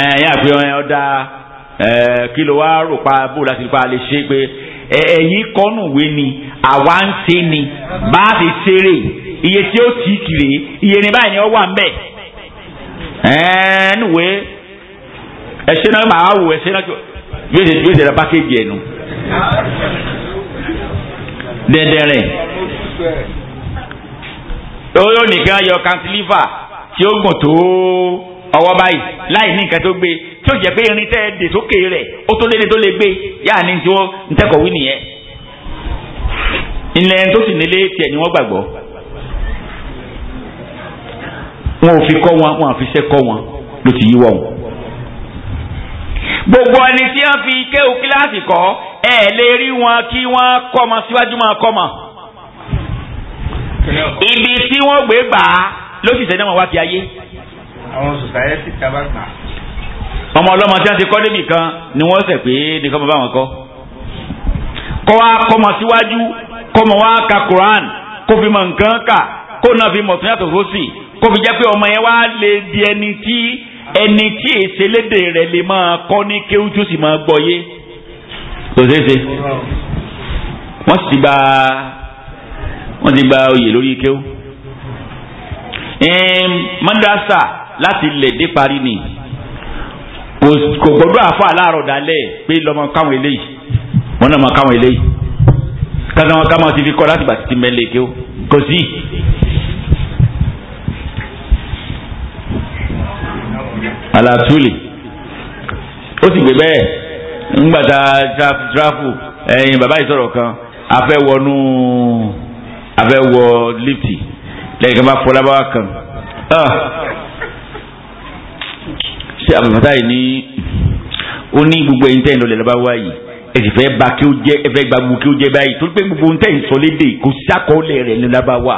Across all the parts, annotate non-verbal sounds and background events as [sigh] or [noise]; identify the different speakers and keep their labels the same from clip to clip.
Speaker 1: ẹ yà pé ọ̀dà kí ló wá rò pa bó láti pa lè ṣe pé ẹ̀yìn kọ́nùwé ni àwa ń ṣe ni bá a ti ṣeré iye tí ó tì kiri iye ní báyìí ni ó wà ń bẹ̀ ẹ̀ẹ́nùwé ẹ̀ṣẹ́ náà máa wò ẹ̀ṣẹ́ náà yóò ṣe yóò ṣe ra pákéjì ẹ̀ nu dẹ́dẹ́rẹ́ ó yóò nìkan yọ kantilever tí ó gùn tó ọwọ́ báyìí láì ní nǹkan tó gbé tí ó jẹ́ pé irin tẹ́ dè sókè rẹ̀ ó tó léde tó lè gbé yáà ní tí wọ́n ń tẹ́kọ̀ọ́ wí nìyẹn. ilẹ̀ tó sì nílé tiẹ̀ ni wọ́n gbàgbọ́. wọn ò fi kọ́ wọn wọn àfi iṣẹ́ kọ́ wọn ló ti yí wọ̀n. gbogbo ẹni tí wọ́n fi kéwù kíláàsì kọ́ ẹ lè rí wọn kí wọ́n kọ́ ọmọ síwájú máa kọ́ ọmọ. ibi tí wọ́n gbé gbà á ló sì sẹ́ni wọn wá fi ayé
Speaker 2: àwọn sòsáyẹ́tì tábà gbà.
Speaker 1: ọmọ ọlọ́mọ tí wọ́n ti kọ́ débì kan ni wọ́n sẹ̀ pé nìkan bàbá wọn kọ́. kọ́ wa kọ́mọ síwájú kọ́mọ wa ka Quran kó fi mọ nǹkan kà kó náà fi mọ̀ tún yàtọ̀ sósì kó fi jẹ́ pé ọmọ yẹn wá lè di ẹni tí ẹni tí èsélédè rẹ̀ lè máa kọ́ ní kéwú sì máa gbọ́ yé. kò ṣeé ṣe wọ́n sì gba wọ́n ti gba oyè lórí kéwú. madrasa láti lẹ̀ dé parí ni kò gbọdọ̀ àfọ aláàrọ̀ dalẹ̀ pé lọ́mọ káwọn eléyìí wọn náà mọ káwọn eléyìí káwọn káwọn ti fi kọ́ láti gbà títí mẹ́lẹ̀ kí ó kò sí. alatuli ó sì gbé bẹ́ẹ̀ ńgbàdá tirafu ẹ̀yin bàbá yìí kan afẹ́ wọnú lifti lẹ́yìn kan bá fọlábà kan ṣé àbàmọ́tà yìí ní ó ní gbogbo ẹ̀yin tẹ́yìn lọ́lẹ̀ lọ́ba wáyé ẹ sì fẹ́ ba kí ó jẹ́ ẹ fẹ́ gba gbogbo kí ó jẹ́ báyìí torí pé gbogbo ohun tẹ́yìn sọ léde kò sí àkọọ́lẹ̀ rẹ̀ ní lọ́ba wà.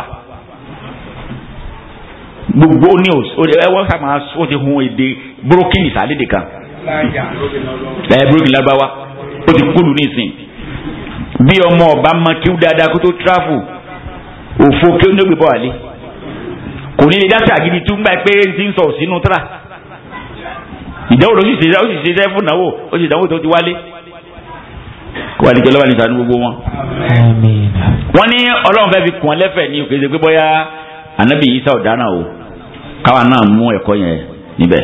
Speaker 1: gbogbo ní ẹ wọ́n sá máa sọ ti hun èdè brókìnì sàlédè kan ẹ brókìnì lọ́ba wa ó ti kúlù ní ìsìn bí ọmọ ọba mọ kí ó dáadáa kó tó tíráfù òfo kí ó ní ó gbé bọ́ àlè kò ní lè dá sí àgídí tó ń gbà pé ń ti ń sọ̀ sínú tíra ìdánwò ló sì ṣe ó sì ṣe fún ìdánwò ó sì ìdánwò tó ti wálé kó wà ní kí ọlọ́wà ní sànú gbogbo wọn. wọ́n ní ọlọ́run fẹ́ fi kún ọ lẹ́fẹ̀ ní òkèèzè pé bóyá ànábì Ìsá ọ̀daràn o káwa náà mú ẹ̀kọ́ yẹn níbẹ̀.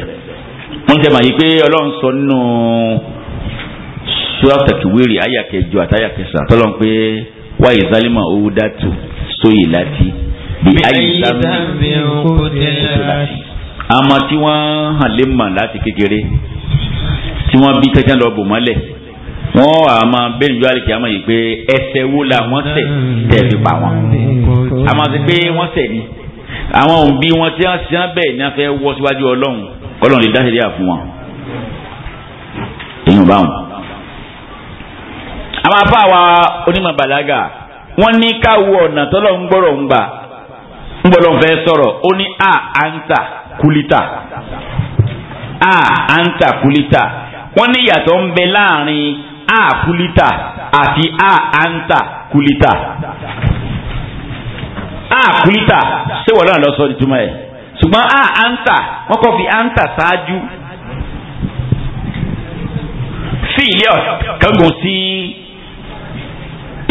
Speaker 1: wọ́n tẹ̀ mà yí pé ọlọ́run sọ nínú sọ́ọ̀tàkì wíìrì ayàkẹjọ àtàyàkẹsà tọ́lọ́n pé wáyé zálímà owó dàtú sóyè láti bí ayé zálímà owó dàtú àmọ́ tí wọ́n hàn lé mà láti kékeré tí wọ́n bí tẹ́tẹ́ lọ bò mọ́lẹ̀ wọ́n wà á máa bẹ́ẹ̀ níjọ́ àlèkè àmọ́ yìí pé ẹsẹ̀ wo la wọ́n ṣẹ̀ tẹ̀ fi pa wọn àmọ́ sí pé wọ́n ṣẹ̀ ni àwọn òbí wọn tí wọ́n ṣe bẹ́ẹ̀ ni wọ́n fẹ́ wọ́ síwájú ọlọ́run ọlọ́run lè dá sílẹ̀ fún wọn èèyàn bá wọn. àwọn afá wa onímọ̀ bàlágà wọ́n ní káwọ ọ̀nà tọ́lọ́ ń gbọ́rọ̀ ń gbà ń gbọ́dọ̀ fẹ́ sọ̀rọ̀ ó ní à á ń tà kulita a anta kulita wọ́n ní ìyàtọ̀ ń bẹ láàrin a kulita àti a anta kulita
Speaker 2: a kulita
Speaker 1: ṣé wọ́n lọ́nà lọ́sọ̀ọ́ ìtumọ̀ ẹ̀ ṣùgbọ́n a anta wọ́n kọ́ fi anta ṣáájú fi ilé ọ̀kángun sí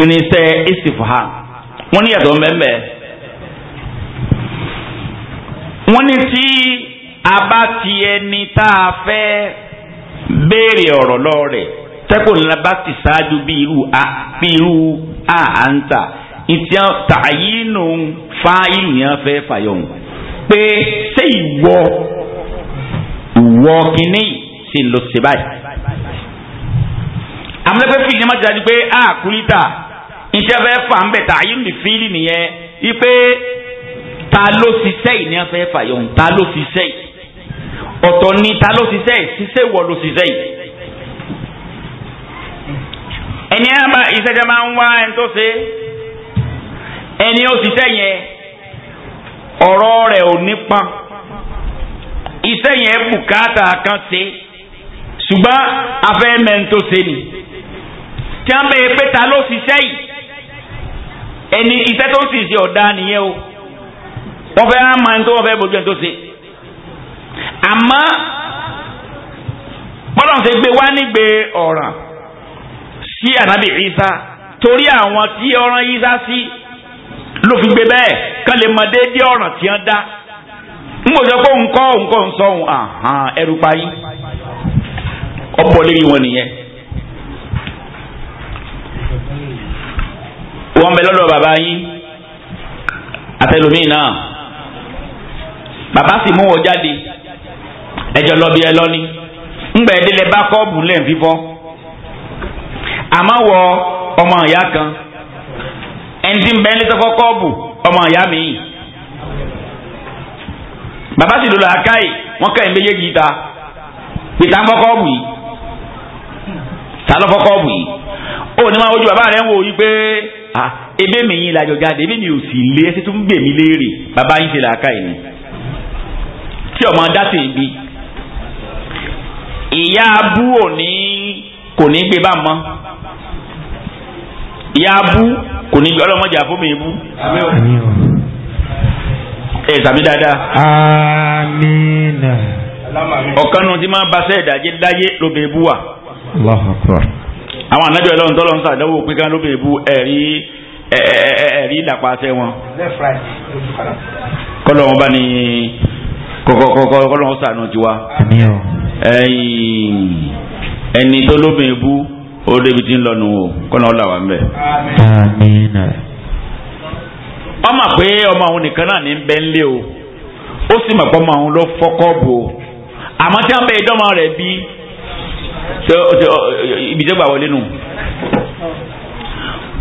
Speaker 1: irinṣẹ́ istifham wọ́n ní ìyàtọ̀ ń bẹ ń wọ́n ní tí a bá ti ẹni tá a fẹ́ béèrè ọ̀rọ̀ lọ rẹ̀ tẹ́kọ̀ ńlá bá ti ṣáájú bí irú a bí irú a à ń tà ìtì tààyínú fa ìlú yẹn fẹ́ fàyọ̀hún pé ṣé ìwọ ìwọ kìíní ṣe lọ sí báyìí. àmúlẹ́pẹ́ fìdí má ti dájú pé a kúrítà iṣẹ́ fẹ́ fà ń bẹ̀ tààyínú fíìlì nìyẹn ipe ta ló ṣiṣẹ́ yìí ni wọ́n fẹ́ fàyọ̀ ń ta ló ṣiṣẹ́ yìí ọ̀tọ̀ ni ta ló ṣiṣẹ́ yìí ṣiṣẹ́ wọ̀ ló ṣiṣẹ́ yìí. ẹni ẹ máa ìṣẹ̀jẹ̀ máa ń wá ẹni tó ṣe ẹni ó ṣiṣẹ́ yẹn ọ̀rọ̀ rẹ̀ ò ní pọn iṣẹ́ yẹn bùkátà kan ṣe ṣùgbọ́n afẹ́ mẹ́ni tó ṣe ni tí wọ́n bẹ̀rẹ̀ pé ta ló ṣiṣẹ́ yìí ẹni iṣẹ́ tó ṣiṣẹ́ ọ̀dà nìyẹn o wọ́n fẹ́ á máa ń tó wọ́n fẹ́ bójú ẹ̀ tó se àmọ́ bọ́lá ń ṣe gbé wá nígbè ọ̀ràn sí ànábì Ìsá torí àwọn tí ọ̀ràn Ìsá sí ló fi gbé bẹ́ẹ̀ kán lè mọ déédéé ọ̀ràn tí wọ́n dá n kò sọ pé òun kọ́ òun kọ́ òun sọ òun àhàn ẹrù parí ọ̀pọ̀ lórí wọn nìyẹn. wọ́n bẹ lọ́dọ̀ bàbá yín àtẹlómìn náà bàbá sì mú wọn jáde ẹjọ lọ bí ẹ lọ ní ńgbà ìdílé bá kọ́ọ̀bù lẹ̀ ń fífọ́ àmọ́ wọ ọmọ ìyá kan ẹnití ń bẹ ní tọ́kọ́ kọ́ọ̀bù ọmọ ìyá mi bàbá sì lòlá káyì wọ́n káyì méjèèjì ta pété ń fọ́ kọ́ọ̀bù yìí ta ló fọ́ kọ́ọ̀bù yìí ó ní máa wojú bàbá rẹ̀ ń wò yí pé ebe mi yín lajọ jáde ebe mi ò sì lé ẹsẹ̀ tó ń gbèmí léèrè bàbá yín ṣe làákàyè ni tí ọmọ dá sí ibi ìyá abú òní kò ní gbé bá mọ ìyá abú kò ní gbé ọlọmọdé àfọmọ ìbú ẹ tàbí dáadáa.
Speaker 2: amiina.
Speaker 1: ọ̀kan nu ti máa ba sẹ́ ìdájẹ́ dáyé lóbi ebú wa.
Speaker 2: Allahu Akbar.
Speaker 1: àwọn ànábì ọlọ́run tọ́lọ́ ń sàdánwò pé ká lóbi ebú ẹ̀rí ẹ̀rí ìlàpá sẹ́ wọn. kọ́lọ́ wọn bá ní kọkọkọkọ kọlọ́n sànù tiwa. ẹyin ẹni tó lóbìnrin bú ó débi tí ń lọ nù o kọ́nà ó là wà ń bẹ̀. ọmọ pé ọmọ òun nìkan náà ní bẹ́ẹ̀ ń o ó sì mọ̀ pé ọmọ òun ló fọ́kọ́ bò ó àmọ́ tí wọ́n bẹ ìdánmọ̀ rẹ̀ bí ibi tó gbà wọlé nù.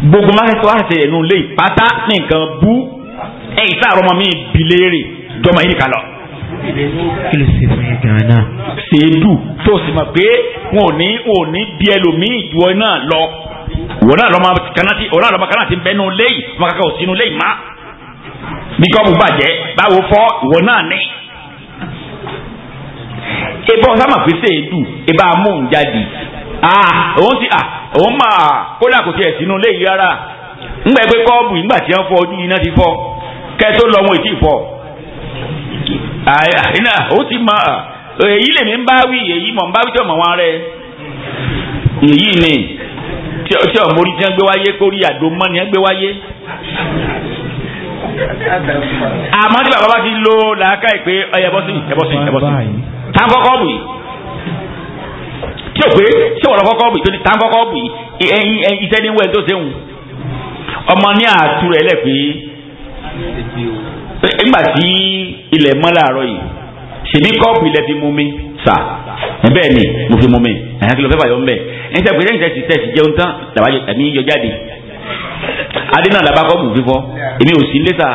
Speaker 1: gbogbo mákẹ́tì wà ṣe ẹ̀nu lé pátá nìkan bú ẹ̀yìn sáà ọmọ mi bi léèrè jọmọ yìí nìkan lọ
Speaker 2: kí ló ṣe fún yín gan-an náà.
Speaker 1: ṣèdù tó sì mọ̀ pé wọn ò ní wọn ò ní bí ẹlòmíì ìwọ náà lọ wọn náà lọ́mọ kanáti wọn náà lọ́mọ kanáti ń bẹnu léyìí wọn kankan ò sínú léyìí má bí kọ́ọ̀bù bàjẹ́ báwo fọ́ ìwọ náà ní. ebọ sábà pé ṣèdù ebá amóhùn jáde ah òun ti ah òun mà kódà kò tiẹ̀ sínú léyìí rárá ńgbà pé kọ́ọ̀bù ìgbà tí wọ́n fọ ojú iná ti fọ kẹ́ẹ́ tó lọ àyìnà ó ti mọ èyí lèmi ń bá wí èyí mọ̀ ń bá wí tí ọmọ wọn rẹ èyí ni tí ọmọrí tí wọn gbé wáyé kórí àdó mọ́ni wọn gbé wáyé. àmọ́ tí bàbá bá ti lo làákà yìí ẹ bọ́ sí ẹ bọ́ sí ẹ bọ́ sí tá n kọ́kọ́ bù yìí tí o pé ṣé wọ́n kọ́kọ́ bù tó ní tá n kọ́kọ́ bù yìí ẹyin ẹyin iṣẹ́ ní wẹ́ẹ̀ tó ṣe ń ọmọ ní àtúrẹ̀ lẹ́ pé nígbà tí ilẹ̀ mọ́ láàárọ̀ yìí ṣèbí kọ́ọ̀pù ilẹ̀ fi mú mi sà
Speaker 2: bẹ́ẹ̀ ni mo fi
Speaker 1: mú mi àyàn kìlọ̀ fẹ́fà yọ ń bẹ̀ ẹni tẹ́ pẹ̀lú ìtẹ́sí tẹ́sí jẹun tán làbájọ ẹ̀mí yọ jáde adé náà làbá kọ́ọ̀pù fífọ́ èmi ò sí ń lẹ́sà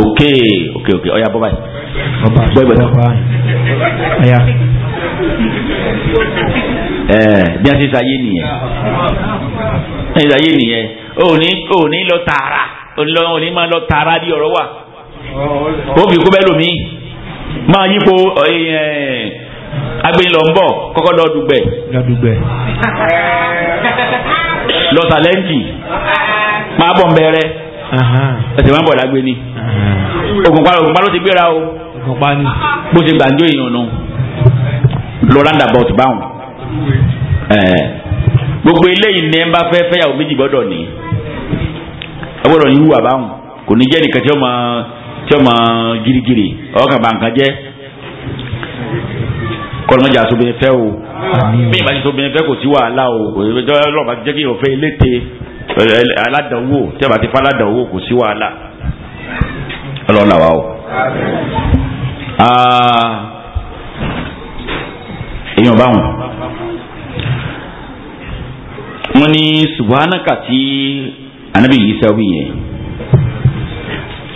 Speaker 1: òkè òkè òkè ọ̀yà bọ́ báyìí bọ́ ìgbà tó bí a ṣe ṣayé nìyẹn ṣayé nìyẹn òní lọ tààrà òní máa lọ tààrà bí ọ̀rọ̀ wà
Speaker 2: o fi kú bẹ́ẹ̀
Speaker 1: lómi máa yípo eh, eh, agbẹ̀yìn lọ ń bọ̀ kọ́kọ́ lọ dùgbẹ̀. dùgbẹ̀. lọ sàlẹ́ǹtì máa bọ̀ ń bẹ̀rẹ̀ ẹsẹ̀ máa ń bọ̀ lágbé ni ògùnpá ògùnpá ló ti gbéra o ògùnpá ni bó ṣe gbàǹjo èèyàn nù lọ randa bọ̀ ti báwọn. Eh, gbogbo eléyìí ni ẹ bá fẹ́ fẹ́yàwó méjì gbọ́dọ̀ ní ọgbọ́dọ̀ ní wúwà báwọn kò ní jẹ́ nìkan tí ó tí ọmọ girigiri ọkàn bá nǹkan jẹ́ kọlọmọjà tó bẹ fẹ́ o bí ìbáṣe tó bẹ fẹ́ kò sí wàhálà o ọlọ́ọ̀bá jẹ́ kí o fẹ́ ilé te aládàáwò tí a bá ti fẹ́ aládàáwò kò sí wàhálà ọlọ́ọ̀là wa o. Ah, èèyàn báwọn wọn ní subhanaka tí anabi yìí sẹ́wọ́ yẹn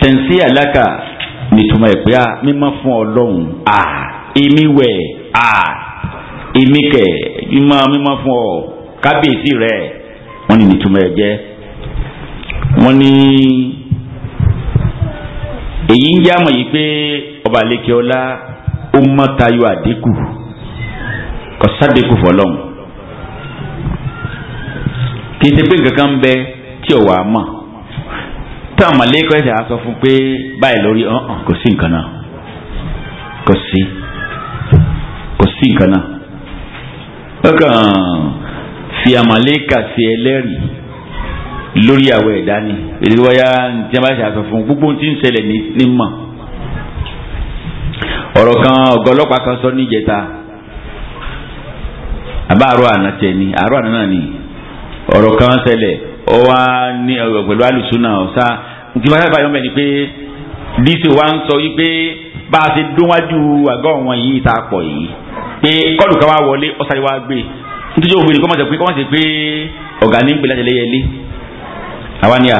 Speaker 1: tẹ̀síyà lákà nítumọ̀ ẹ̀ e pé a mímọ́ fún ọlọ́run a èmi wẹ̀ a èmi kẹ̀ mímọ́ mímọ́ fún ọ kábíyèsí rẹ̀ wọ́n ní nítumọ̀ ẹ̀ e jẹ́ wọ́n ní èyí ń já mọ̀ yìí pé ọba àlekè ọlá ó mọ́ tayọ àdínkù kò sádẹ́kù fọlọ́run kì í ṣe pé nǹkan kan ń bẹ tí ò mọ̀ táwọn mọ̀lẹ́kọ̀ ẹ̀sẹ̀ á sọ fún pé báyìí lórí ọ̀hún kò sí nǹkan náà kò sí kò sí nǹkan náà ó kàn fi àmàlẹ́kà sí ẹlẹ́rìí lórí àwọ̀ ẹ̀dá ni èdè wáyà tí a bá ṣe àsọ fún gbogbo tí ń ṣẹlẹ̀ ní mọ̀ ọ̀rọ̀ kan ọ̀gá ọlọ́pàá kan sọ níjẹta àbá àárọ̀ àná tẹ̀ ni àárọ̀ àná náà ni ọ̀rọ̀ kan ṣẹlẹ̀ ọwá ní ọ̀rọ̀ pẹ̀lú alùsùnà ọ̀sá ìgbìmọ̀ sábà yọ̀ mẹ́ni pé díṣe wa ń sọ yí pé bá a ṣe dúnwájú àgọ́ wọn yìí tá a pọ̀ yìí pé kọ́ọ̀lù ká wá wọlé ọ̀sáré wá gbé nítorí òwe ni kọ́mọ̀sẹ̀ pé kọ́mọ̀sẹ̀ pé ọ̀gá ní ń pè láti ẹlẹ́yẹlé àwa ni à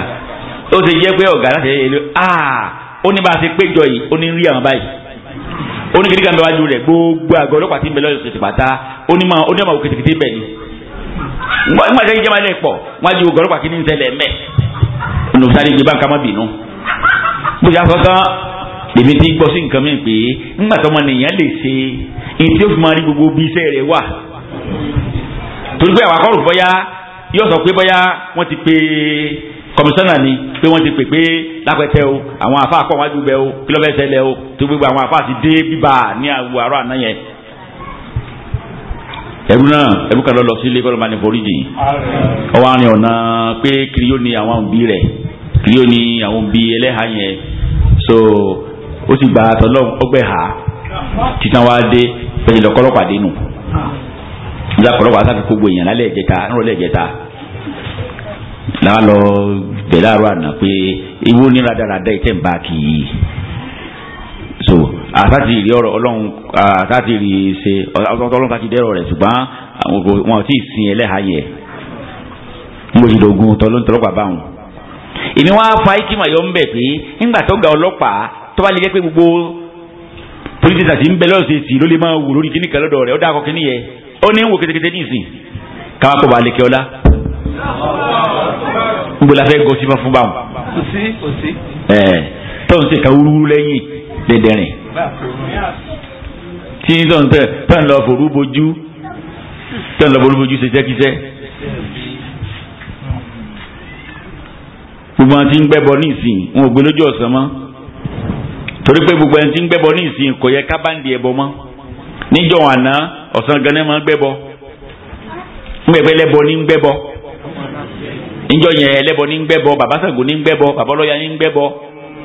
Speaker 1: ó ti jẹ́ pé ọ̀gá láti ẹlẹ́yẹlé ah ó ní bá a ṣe péjọ yìí ó ní rí àwọn báyìí ó ní kìnnìkan bẹ wájú rẹ̀ gbogbo àgọ́ ọlọ́pàá ti ń bẹ lọ́yọ̀ kìtìkìtì pàtà ó ní bẹ̀ ni olùsáré gbé báńkà má bínú bó ṣe àfọkàn èmi ti gbọ́ sí nǹkan mi pé nígbà tó ọmọ nìyẹn lè ṣe ètí ó fi máa rí gbogbo bí iṣẹ́ rẹ̀ wà torí pé àwọn akọ́rù bọ́yá yóò sọ pé bọ́yá wọ́n ti pe kọmíṣánná ni pé wọ́n ti pè pé lápẹ̀tẹ̀ o àwọn àfa àkọ́ wájú bẹ́ẹ̀ o kí ló fẹ́ ṣẹlẹ̀ o tó gbogbo àwọn àfa ti dé bíbà ní àwọ̀ àná yẹn ẹrú náà ẹrú kan lọ sí ilé kọlọmọ ní foríjì ọwọ àárín ọ̀nà pé kiri yóò ní àwọn òbí rẹ̀ kiri yóò àwọn òbí ẹlẹ́hà yẹn so ó sì gba àtọ́lọ́ ọgbẹ́ ha
Speaker 2: titan wa dé
Speaker 1: pẹ̀lú ọ̀kọ́lọ́pàá dé nù ìjà ọ̀kọ́lọ́pàá sáfi kó gbòòyàn lálẹ́ ìjẹta ńrọ̀lẹ́ ìjẹta làwọn lọ bẹ̀rẹ̀ àrò àná pé ewu ní radarada ìtẹ̀ ń bá kì í àtàtì ìrí ọ̀rọ̀ ọlọ́run àtàtì ìrí ṣe ọlọ́run káti dẹ́rọ̀ rẹ̀ ṣùgbọ́n wọn ò tí ì sin ẹlẹ́hàyẹ mo sì dògùn tọ́lọ́pàá báwọn. èmi wá fa ikima yọ ń bẹ̀ pé nígbà tó ga ọlọ́pàá tó bá lè jẹ́ pé gbogbo pólítẹ́sì àti ńbẹ lọ́sẹ̀sì ló lè máa wò lórí kíní kan lọ́dọ̀ rẹ̀ ó dá akọ kíní yẹ ó ní wò kétékété ba lè kẹ́ ọlá. gbogbo la fẹ́ gọ sí tí ń lọ́n tẹ̀ tán lọ forú bojú tán lọ forú bojú ṣe jẹ́kíṣẹ́. gbogbo àwọn tí ń gbẹ́bọ ní ìsìn wọn ò gbé lójú ọ̀sán mọ́ torí pé gbogbo ẹni tí ń gbẹ́bọ ní ìsìn kò yẹ kábàndì ẹ̀bọ mọ́ níjọ́ àná ọ̀sán ganan máa ń gbẹ́bọ ń lẹ́bọ ní ń gbẹ́bọ níjọ́ yẹn ẹlẹ́bọ ní ń gbẹ́bọ bàbá Ṣàngó ní ń gbẹ́bọ bàbá ọlọ́yà ní ń gbẹ́bọ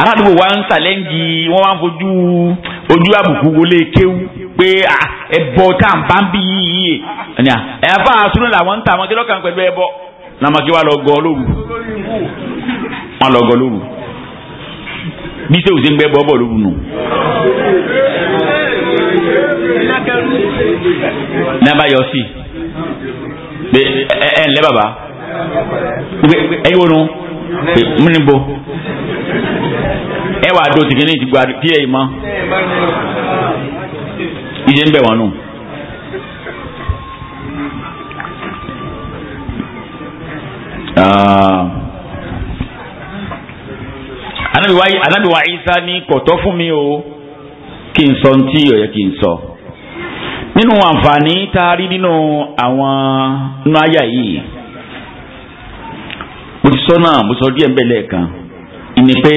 Speaker 1: aládùúgbò wa ń sàlẹ́ǹgì wọ́n wá ń fojú ojú àbùkù wọlé kéwú pé ẹ̀bọ tá à ń bá ń bí yíyí ẹ̀ ẹ̀fà àsúnú làwọn ń ta àwọn kílọ̀kan pẹ̀lú ẹ̀bọ làmàkí wa lọ gọ lóru wọn lọ gọ lóru bí sèwù sí ń gbẹ bọ́bọ̀ lóru nù. nàbà yọ sí ẹ ẹ ǹlẹ́ bàbá ẹ yóò nù. mú ní bo ẹ wàá do tìkínní ti gba díẹ̀ yìí mọ́ ìdí ń bẹ̀ wọ́n nù. anabiwa ah. anabiwa isa ní kọ̀tọ́ fún mi o kí n sọ ntí ọ̀yẹ́ kí n sọ nínú àǹfààní tá a rí nínú àwọn nínú àyà yìí. mo ti sọ náà mo sọ díẹ̀ ń bẹ lẹ́ẹ̀kan ìní pé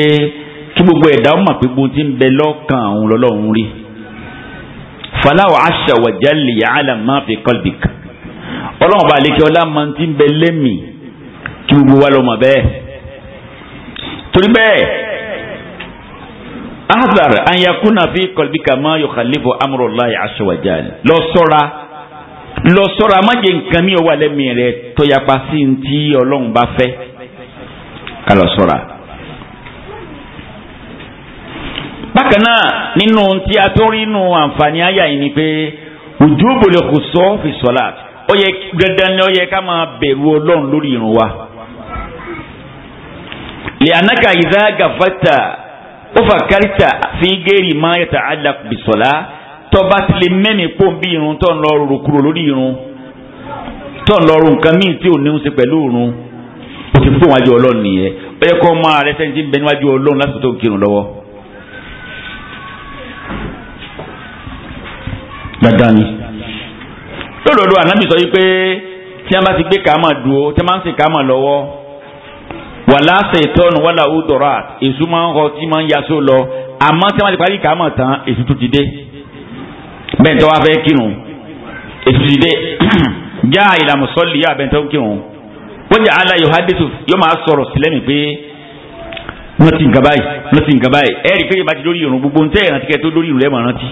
Speaker 1: kí gbogbo ẹ̀dá ó mọ̀ pé gbogbo ti ń bẹ lọ́kàn òun lọ́lọ́run rí faláwọ̀ aṣa wàjá lè yàrá máa fi kọ́lbìk ọlọ́run bá lékè ọlá máa ti ń bẹ lẹ́mì kí gbogbo wa lọ́mọ bẹ́ẹ̀ torí bẹ́ẹ̀ azar anyakuna fi kọ́lbìkà máa yọ khalifu amúrọ̀lá aṣa wàjá lọ sọ́ra lọ sọ́ra mi ò wà lẹ́mì rẹ̀ tọ́yapa sí ti ọlọ́run bá fẹ́ Kalo sora, sọ́ra. bákan náà nínú tí a tó rí nínú àǹfààní àyà yìí ni pé ojú bòlẹ̀ kò sọ fi sọ́la ó yẹ dandan ni ó yẹ ká máa bẹ̀rù ọlọ́run lórí ìrun wa. lè anaka ìdá gàfàtà ó fà kárìtà fi géèrì máa yàtà àdàbìsọ̀lá tọba tilẹ̀ mẹ́mi pò bí irun tó ń lọ rò kúrò lórí irun tó ń lọ rò nǹkan míì tí ò ní í ṣe pẹ̀lú irun o ti fún wájú ọlọ́run nìyẹn ó yẹ kó máa rẹ sẹ́ni tí ń bẹ níwájú ọlọ́run lásìkò tó ń kírun lọ́wọ́. dandan ni lódodo ànábì sọ yìí pé tí a bá ti gbé kàámà dúró tí a máa ń sìn kàámà lọ́wọ́ wàlá ṣètọ́nù wàlá ọ̀dọ́rà èso máa ń họ tí máa ń yasó lọ àmọ́ tí a máa ti parí kàámà tán èso tó ti dé bẹ́ẹ̀ tó wá fẹ́ kírun èso ti dé já ìlànà sọ́ọ̀lì yá bẹ́ẹ̀ tó kírun wọ́n jẹ́ ala yohadisu yóò máa sọ̀rọ̀ sílẹ̀mì pé wọ́n ti nǹkan báyìí wọ́n ti nǹkan báyìí ẹ̀rí pé ìbá ti lórí irun gbogbo ń tẹ́ ìrántí kẹ́ tó lórí irun lẹ́mọ̀ rántí.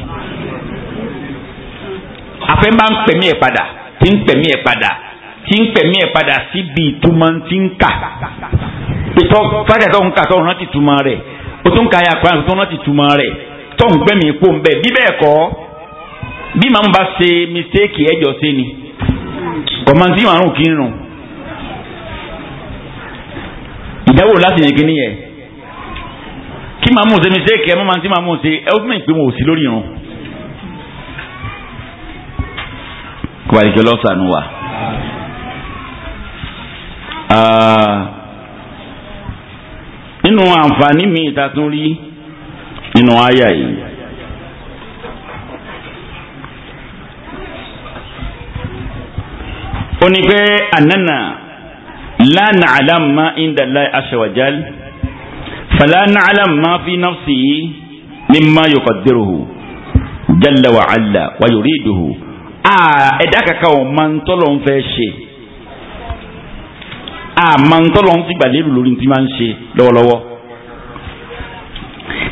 Speaker 1: afẹ́ máa ń pẹ̀mí ẹ̀ padà ti ń pẹ̀mí ẹ̀ padà ti ń pẹ̀mí ẹ̀ padà síbi ìtumọ̀ ti ń kà pẹ̀tọ́ fájà tó ń kà tó ń rántí ìtumọ̀ rẹ̀ o tún ka ya kwan tó ń rántí ìtumọ̀ rẹ̀ tó ń gbẹ̀mí ipò ń bẹ̀ bí bẹ́ẹ̀ kọ́ bí màmú bá ṣe mistake ẹ̀jọ̀ sí ni kọ̀mọ̀ntì màrún kì í rùn ìdáwò láti yẹn kí nìyẹn kí màá mú un ṣe mistake ẹ mọ́ màá ti màá mú un ṣe ẹ ó fún mi pé wọn ò sí lórí irun. kó wàá di jọlọ sànù wa. nínú àǹfààní mi ìta tún rí nínú àyà yìí. ó ní pé ànánà la na'lam ma inda Allahi azza wa jal fala na'lam ma fi nafsihi mimma yuqaddiruhu jalla wa alla wa yuriduhu aa ẹ̀dá kankan o ma ń tọ́lọ̀ ń fẹ́ ṣe a ma ń tọ́lọ̀ ń ti gbà lérò lórí ti máa ń ṣe lọ́wọ́lọ́wọ́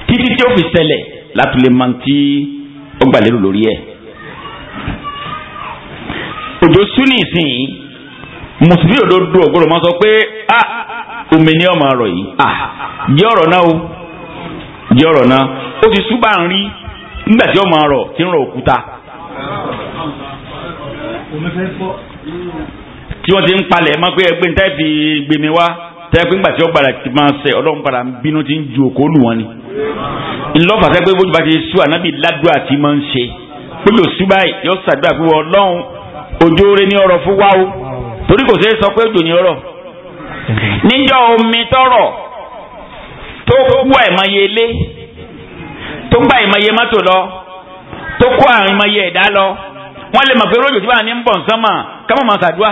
Speaker 1: títí tí ó fi ṣẹlẹ̀ láti lè ma ti ó gbà lérò lórí ẹ̀ òjò sún ní ìsìn yìí mùsùlùmí òdodo ògbóró máa sọ pé a ah, omi ni ọmọ ọ̀rọ̀ yìí a ah, jẹ ọ̀rọ̀ náà o jẹ ọ̀rọ̀ náà ó ti súbà ń rí nígbà tí ọmọ ọ̀rọ̀ ti ń rọ òkúta tí wọ́n ti ń palẹ̀ mọ́ pé ẹgbẹ́ níta fi gbèmí wá tẹ́gbẹ́ ńgbà tí ó gbàdá ti máa ṣe ọlọ́run padà ń bínú ti ń ju òkó lù wọ́n ni. ńlọ́fà sẹ́gbẹ́ bójú bá ti sú ànábì ládùá tí máa ń ṣe pé yóò sú yóò ṣàdúrà pé ọlọ́run ojú oore ní ọ̀rọ̀ fún wa o torí kò sẹ́yìn sọ pé òjò ní rọ̀ níjọ́ omi tọrọ tó kú àìmọye ilé tó gba àìmọye mọ́tò lọ tó kó àìmọye ẹ̀dá lọ wọ́n lè mọ̀ pé rójò tí wọ́n ní ń bọ̀ nǹkan mọ̀ kámọ̀ máa ṣàdúrà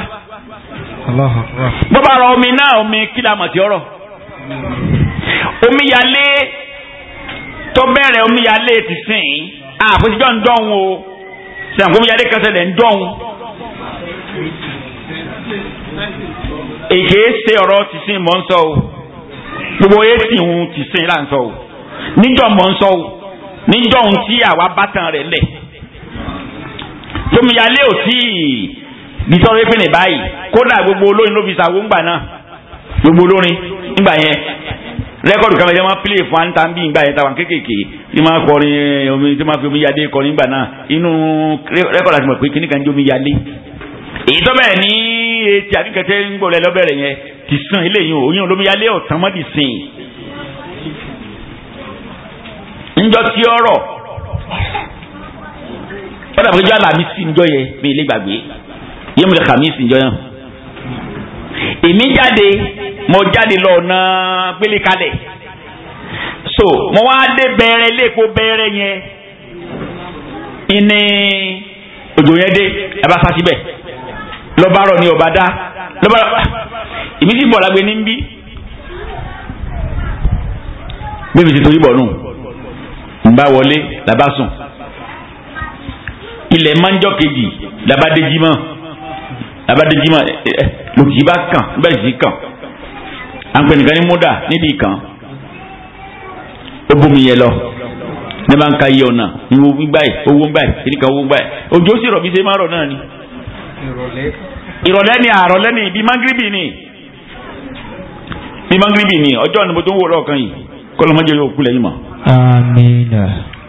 Speaker 1: bó bá rọ omi náà omi kí la mọ̀ sí ọ̀rọ̀ omíyalé tó bẹ̀rẹ̀ omíyalé ti sìn ín àfojújọ́ ń dọ̀hún o sàǹkó omíyalé kan ṣẹlẹ̀ ń dọ̀hún èké ṣe ọ̀rọ̀ tìsín mọ́ ń sọ o gbogbo èsì òun tìsín là ń sọ o níjọ́ mọ́ ń sọ o níjọ́ òun tí àwa bá tán rẹ̀ lẹ̀ tómiyalé ò tí ì nítorí báyìí kódà gbogbo olórin ló fi ṣàwọn ńgbà náà gbogbo olórin ńgbà yẹn rẹ́kọ̀dù kan lọ́jọ́ máa pílè fún àǹtá ń bí ńgbà yẹn táwọn kéékèèké tí máa kọrin omi tí máa fi omiyalé kọrin ńgbà náà inú rẹ́kọ̀dù àti mọ̀ pé kíníkan jẹ́ omiyalé èyí tó bẹ́ẹ̀ ní etí àbíkẹ́tẹ́ ń gbọ́ lẹ lọ́bẹ̀rẹ̀ yẹn ti sàn eléyìí o yín olómiyalé ọ̀tán mọ́dì sìn. njọ tí ọ̀rọ̀ ó dàbí jọ alamisi njọ yẹ mi ilé gbàgbé yé mi lè kàmísì njọ yẹn. èmi jáde mo jáde lọ ọ̀nà gbélé kalẹ̀ so mo wá dé bẹ̀rẹ̀ lẹ́kọ̀ọ́ bẹ̀rẹ̀ yẹn ìní òjò yẹn dé ẹ bá fa síbẹ̀ lọ́ba rọ̀ ni ọba dá lọ́ba rọ̀ ìmí sì bọ̀ lágbe ní bí bébí ti torí bọ̀ nù ń bá wọlé làbá sùn ilẹ̀ mánjọ́ kejì làbá dé jímọ̀ làbá dé jímọ̀ lòkì bá kàn bẹ́ẹ̀ sì kàn à ń pè nìkan ní múdà nídìí kan ó bómi yẹ lọ ní bá ń ka iye ọ̀nà ìwọ gbígbà yìí owó gbà yìí kìnìkan owó gbà yìí òjò sì rọ̀ bí ṣe máa rọ̀ náà ni ìrọ̀lẹ́ ni àrọ̀lẹ́ ni ibi mangiribi ni ibi mangiribi ni ọjọ́ ni mo tó ń wò lọ́ọ̀kan yìí kọ́lọ́mọdé yóò kú lẹ́yìn mọ́.
Speaker 2: amiina.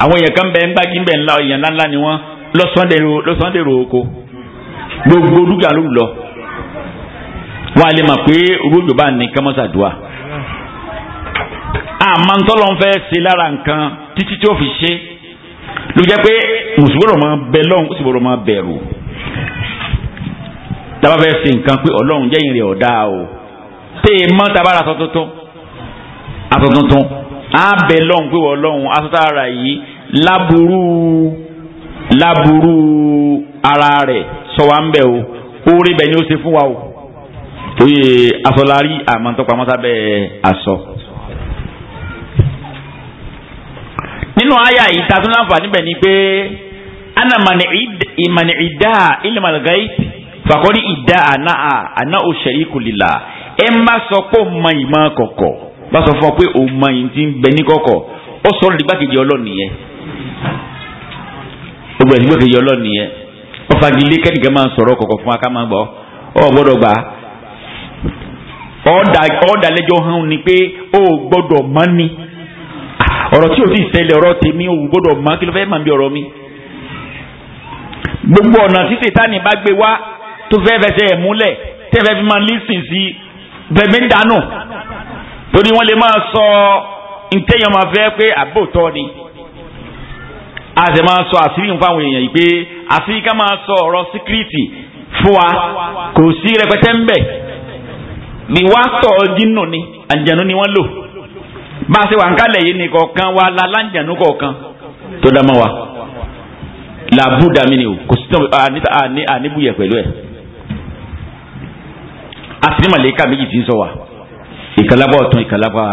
Speaker 1: àwọn èèyàn kan bẹ ń gbági ń bẹ ńlá èèyàn ńláńlá ni wọ́n lọ́sàn án oko gbogbo dúkìá ló lọ wọ́n á lè pé rúdò bá ní kámọ́sàdúà àmọ́ ntọ́lọ́ ń fẹ́ ṣe lára nǹkan títí tí ó fi ṣe ló jẹ́ pé mùsùlùmọ́ bẹ lọ́hùn ó sì gbọ́dọ̀ máa bẹ̀rù dábàá fẹ́ fi nǹkan pé ọlọ́run jẹ́yìn rẹ̀ ọ̀dá o tẹ́ ẹ mọ́ tabára aṣọ tuntun aṣọ tuntun á bẹ lọ́hùn pé ọlọ́run aṣọ tára yìí láburú láburú ara rẹ̀ sọ wa ń o orí bẹ̀ ni ó ṣe fún wa o oye asọlárí àmọ́tọ́pamọ́sá bẹ́ẹ̀ aṣọ. nínú àyà yìí ta tún ni pé anamani ìdá ilẹ̀ fàkọ́rí ìdá ana à ana kulila ẹ ma sọ pé ó mọ ìmọ̀ kọkọ bá sọ fún ọ pé o ma ìyìn tí bẹ ní kọ̀kọ̀ ó sọ̀rọ̀ nígbàkejì ọlọ́ọ̀nì yẹn ó ọlọ́ọ̀nì yẹn ó fagilé máa ń sọ̀rọ̀ kọ̀kọ̀ fún gbọ́ ọ gbọ́dọ̀ gbà ọ̀dàlẹ́jọ́ hàn ni pé ó gbọ́dọ̀ mọ́ ni ọ̀rọ̀ ah, tí o ti ṣẹlẹ̀ ọ̀rọ̀ tèmi ò gbọ́dọ̀ kí ló fẹ́ máa bí ọ̀rọ̀ mi gbogbo ọ̀nà bá tó fẹ́ fẹsẹ̀ ẹ̀ múlẹ̀ tẹ́fẹ́ fi máa lísìn sí bẹ̀mí ń dànù torí wọ́n lè máa sọ ntẹ́yàn máa fẹ́ pé àbòtọ́ ni a sì máa sọ àṣírí nǹkan àwọn èèyàn yìí pé àṣírí ká máa sọ ọ̀rọ̀ síkírìtì fún wa kò sí rẹpẹtẹ ń bẹ̀ ni wá tọ̀ dínú ni àǹjẹ̀nu ni wọ́n lò bá a ṣe wà ń kálẹ̀ yìí nìkan kan wa la láǹjẹ̀nu kọ̀ọ̀kan tó dá mọ́ wa làbúdàmí ni o kò sí tán àníbùyẹ̀ pẹ̀lú ẹ̀ a sì ní màlẹ́kà méjì tí wa ìkàlábà ọ̀tún ìkàlábà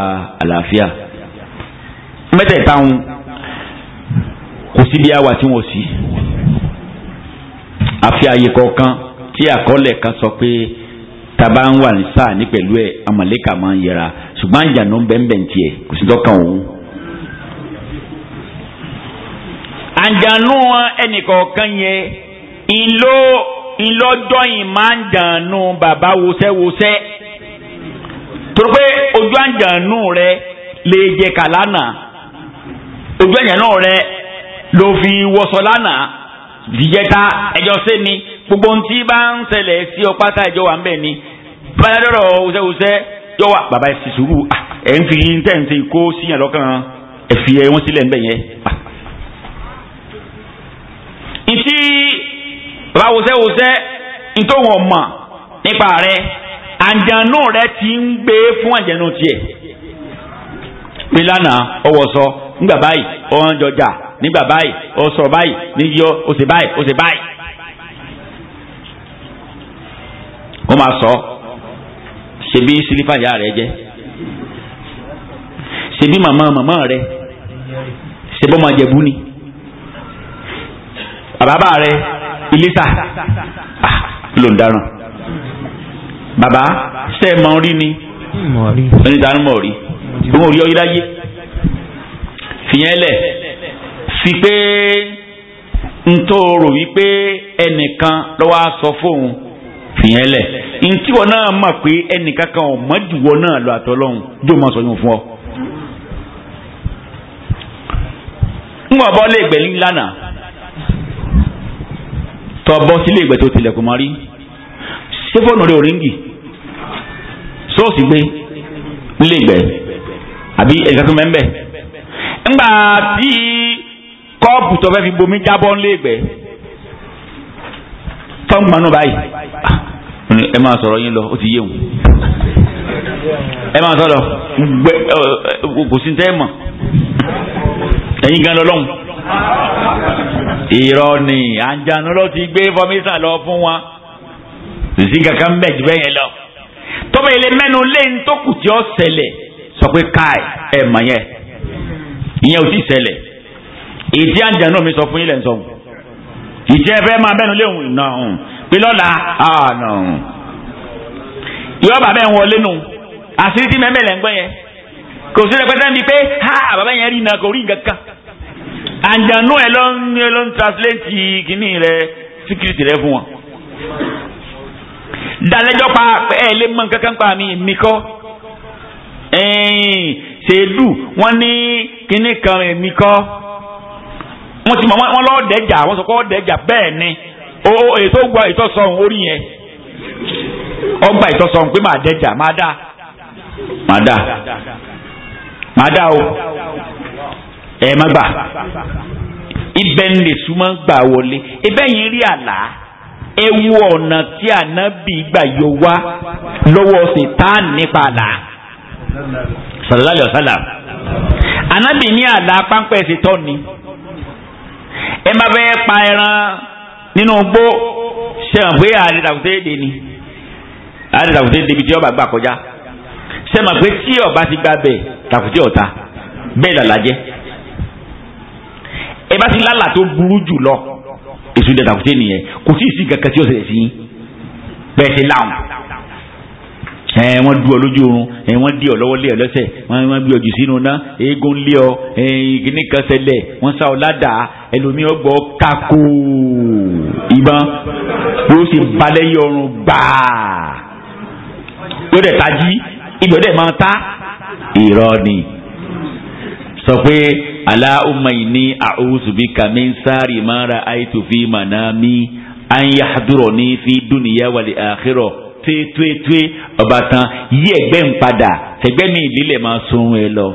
Speaker 1: àlàáfíà mẹ́tẹ̀ẹ̀ta ń kò síbi àwà tí wọ́n sí àfi àyè kọ̀ọ̀kan tí àkọọ́lẹ̀ kan sọ pé taba ń wà ní sáà ní pẹ̀lú ẹ̀ amọ̀lẹ́kà máa ń yẹra ṣùgbọ́n àjànú bẹ́ẹ̀nbẹ́ẹ̀ tiẹ̀ kò sí dọ́kàn òun. àjànú ẹnìkọ̀ọ̀kan yẹn ìlò ńlọ́jọ́ ìmáǹjànú bàbá wosẹ́wosẹ́ torí pé ojú àǹjànú rẹ lè jẹ kà lánàá ojú àǹjànú rẹ ló fi wọṣọ lánàá ìjẹta ẹjọ sẹni gbogbo ohun tí bá ń ṣẹlẹ̀ sí ọ pátá ẹjọ wà ń bẹ̀ ni bàdàdọ̀rọ̀ wosẹ́wosẹ́ yọ wà bàbá ẹsì sùúrù ah, ẹ̀ ń fi tẹ̀ kó síyàn lọ́kàn ẹ̀fì ẹ̀ wọ́n sílẹ̀ ń bẹ̀ yẹn. Ah bàbá wosẹ́ wosẹ́ ntòhùn ọ̀mà nípa rẹ àjànú rẹ ti ń gbé fún àjànú tiẹ̀ pé lánàá ọwọ́ sọ nígbà báyìí ọ̀hún jọjà nígbà báyìí ọ̀sọ̀ báyìí níyọ òsè báyìí òsè báyìí. wọ́n máa sọ ṣebí sílífà ìyá rẹ jẹ́ ṣebí màmá màmá rẹ ṣebí ọmọ àjẹbú ni bàbá rẹ. Ilita, ah ló ń dáràn bàbá ṣe é mọ orí ni oníta ń mọ orí òun ò rí ọyí láyé fìyẹn lẹ sí pé n tó rò wípé ẹnìkan lọ́wọ́ á sọ fóun fìyẹn lẹ ntí wọn náà mọ̀ pé ẹnìkan kan ò mọ̀ jù wọn náà lọ àtọ́lọ́hún yóò máa sọ yóò fún ọ. ń wọ̀ bọ́ lè gbẹ̀lí lánàá tọ́ bọ́ sílé ìgbẹ́ tó tilẹ̀kùn mọ́ rí ṣé fóònù rẹ̀ ò ríngì sọ́ọ̀sì gbé nílé ìgbẹ́ àbí ẹ̀ka tó mẹ́ńbẹ̀ ńgbà tí kọ́ọ̀pù tó fẹ́ fi bomi jábọ́ nílé ìgbẹ́ tọ́ǹgbọ́nù báyìí ah, ẹ máa sọ̀rọ̀ yín lọ ó ti yé wọn ẹ máa sọ̀rọ̀ gbẹ kò sí tẹ́ mọ̀ ẹ̀yin gan lọ́lọ́hùn irọ́ ni àǹjànú ló ti gbé fọmísà lọ fún wa sí kankan bẹ́ẹ̀ jù bẹ́ẹ̀ yẹn lọ tọ́ba ilé mẹ́nu lẹ́yìn tó kù tí ó ṣẹlẹ̀ sọ pé káì ẹ̀ mọ̀ yẹn ìyẹn ò tí ṣẹlẹ̀ ìdí àǹjànú mi sọ fún yín lẹ́yìn sọ ìjẹ́ fẹ́ máa bẹ́nu léhùn náà pé lọ́la àná yọ̀ọ́ bàbá ẹ̀ wọlé nù àṣírí tí mẹ́mẹ́lẹ̀ ń gbọ́ yẹn kò sí rẹpẹtẹ mi pé ha bàbá yẹn rí iná kò rí nǹkan kan àǹjànú ẹ ló ń ló ń translate kínní rẹ secret rẹ fún wọn. dalẹ́jọ́ pa ẹ lè mọ nǹkan kan pa mi mi kọ́ ṣèlú wọn ní kínní kan mi kọ́ wọn ti mọ wọn lọ́ọ́ dẹ́jà wọn sọ pé ọ́ dẹ́jà bẹ́ẹ̀ ni ètò gba ìtọ́sọ̀hún orí yẹn ọgbà ìtọ́sọ̀hún pé màá dẹ́jà màá dá màá dá màá dá o ẹ má gbà ibẹ̀ ń lè súnmọ́ gbà wọlé ibẹ̀ yìí rí àlá ẹ wo ọ̀nà tí ànábì gbà yọ wá lọ́wọ́ ṣètán nípa àlá sallallahu alaihi ànábì ní àlá pápẹ́ ṣètọ́ ni ẹ má fẹ́ pa ẹran nínú gbó sẹ́wọ̀n pé àdìdàkùtẹ́ èdè ni àdìdàkùtẹ́ débi tí ọba gbà kọjá sẹ́wọ̀n pé tí ọba ti gbà bẹ́ẹ̀ dàkùtẹ́ ọ̀ta bẹ́ẹ̀ làlájẹ́ ẹ bá ti lálà tó burú jù lọ èso ìdàgbà kò sí nìyẹn kò sí ìsìn kankan tí ó ṣẹlẹ̀ sí bẹ́ẹ̀ ṣe láwọn ẹ wọ́n du ọ lójú oorun ẹ wọ́n di ọ lọ́wọ́ lé ọ lẹ́sẹ̀ wọ́n wọ́n gbé ọ sínú ná eégún lé ọ kíní kan ṣẹlẹ̀ wọ́n sá ọ ládàá ẹlòmíràn gbọ́ kákó ìbọn yóò sì balẹ̀ yọ gbàá yóò dẹ̀ tají ibẹ̀ dẹ̀ máa ta irọ́ ni sọ pé aláhùnmá yìí ní àhùsùbí kàmí sáré mara àìtò fi màná mi àyè àdúrò ní fi dúnìyà wàlẹ̀ àkérò tuétuétué ọba tán yí ẹgbẹ́ ń padà tẹ̀gbẹ́ mi ìdílé máa sun ẹ lọ.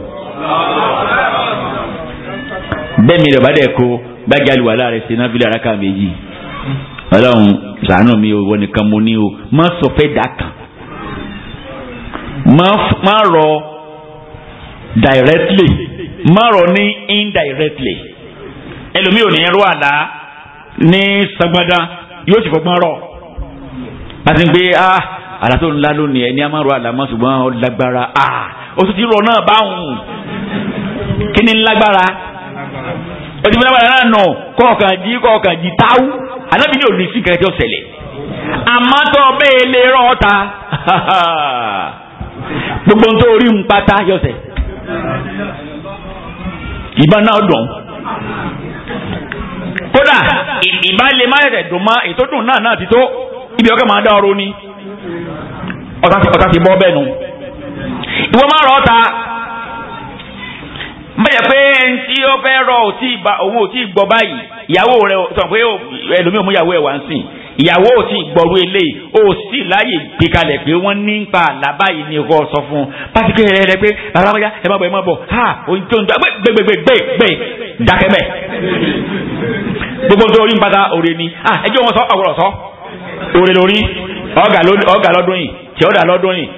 Speaker 1: bẹ́ẹ̀ mi rẹ̀ bá dẹ̀ ko gbájà lu wàhálà rẹ̀ sí náà fílẹ̀ àràkà méjì ọlọ́run sàánù mi ò wọ nìkan mo ní o má sọ fẹ́ dà kan má rọ directly márọ̀ ní indirectly ẹlòmíì ò ní rú àlá ní sagbada yóò sì fọgbọ́n rọ̀
Speaker 2: láti gbé ah
Speaker 1: àlá tó ń la lónìí ẹni a máa rọ àlá mọ́ ṣùgbọ́n ó lágbára ah ó tún ti rọ náà báwùn kí ni lágbára ó ti fi lágbára náà nù kọ̀ọ̀kan jí kọ̀ọ̀kan jí táwù alábí ní sí nǹkan tí ó bẹ́ẹ̀ lè rọ ọ́ta [laughs] gbogbo nítorí ń yọ̀sẹ̀ ìbá náà dùn kódà ìbá lè má rẹ̀ dùn mọ́ ètò dùn náà náà ti tó ibi ọkẹ́ máa dá ọrọ̀ ni ọ̀tá ti bọ́ bẹ́ẹ̀ nu ìwọ máa rọ̀ ọ́ta bẹ́ẹ̀ pé ẹni tí ó fẹ́ rọ òun ò tí ì gbọ́ báyìí ìyàwó rẹ̀ sọ pé ẹlòmíràn mú ìyàwó ẹ̀ wá ń sìn ìyàwó ò tí gbọ́rú eléyìí ó sì láàyè gbé kalẹ̀ pé wọ́n ní ń pa àlábá yìí ní ọkọ sọ fún un pásítọ̀ rẹ̀ rẹ̀ pé rárá wáyà ẹ má bọ̀ ẹ má bọ̀ ha oyin tó ń dá gbẹgbẹgbẹgbẹ
Speaker 2: dákẹ́ bẹ́ẹ̀. gbogbo
Speaker 1: tó orí ń padà òre ni ah ẹjọ́ wọn sọ ọ̀wọ́rọ̀ sọ òre lórí ọ̀gá lọ́dún yìí tí ọ̀dà lọ́dún yìí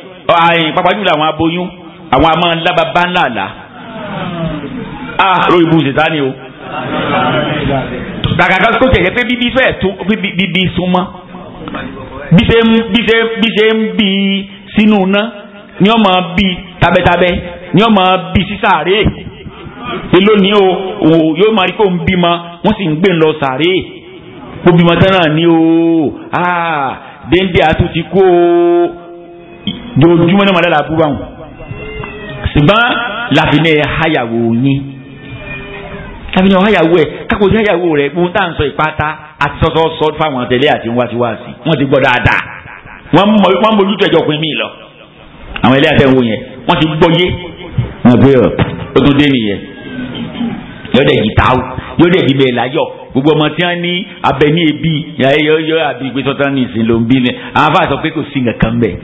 Speaker 1: àyìn pàpà jùlọ àwọn aboyún àwọn amọ̀ ńlábàbá ńlá ah lórí ibùsùn sáà o gbàgàgà kó tẹ̀yẹ pé bíbí fẹ́ tó bíbí súnmọ́ bí ṣe ń bí ṣe bí ṣe ń bí sínú iná ni ọmọ bí tabẹ́tabẹ́ ni ọmọ bí sísàárè èló ni o yóò máa rí kó ń bímọ wọ́n sì ń gbé lọ sàárè kó bímọ tán ni o ah, déndé àtún ti kó o ní ọmọdé làbúrò àwọn ṣùgbọ́n làfin ẹ̀ háyàwó yín tàbí ní ọ̀háyàwó ẹ̀ kápò sí ọ̀háyàwó rẹ̀ gbogbo tá à ń sọ ìpátá àti sọ́sọ́ sọ fáwọn tẹ̀lé àti wáṣíwáṣí wọ́n ti gbọ́ dáadáa wọ́n mọ wọ́n mójú tó ẹ̀jọ̀ ọkùnrin míì lọ àwọn ilé àtẹ̀wò yẹn wọ́n ti gbọ́ yé wọn pé ó tún dé nìyẹn yọ̀dẹ̀ yìí tá yọ̀dẹ̀ yìí bẹ̀rẹ̀ láyọ̀ gbogbo ọmọ tí wọ́n ní abẹ ní ebi yọ̀yọ̀ àbí ìgbésọ tán ní ìsìn ló ń bí ni àwọn afáà sọ pé kò sí nǹkan kan bẹ̀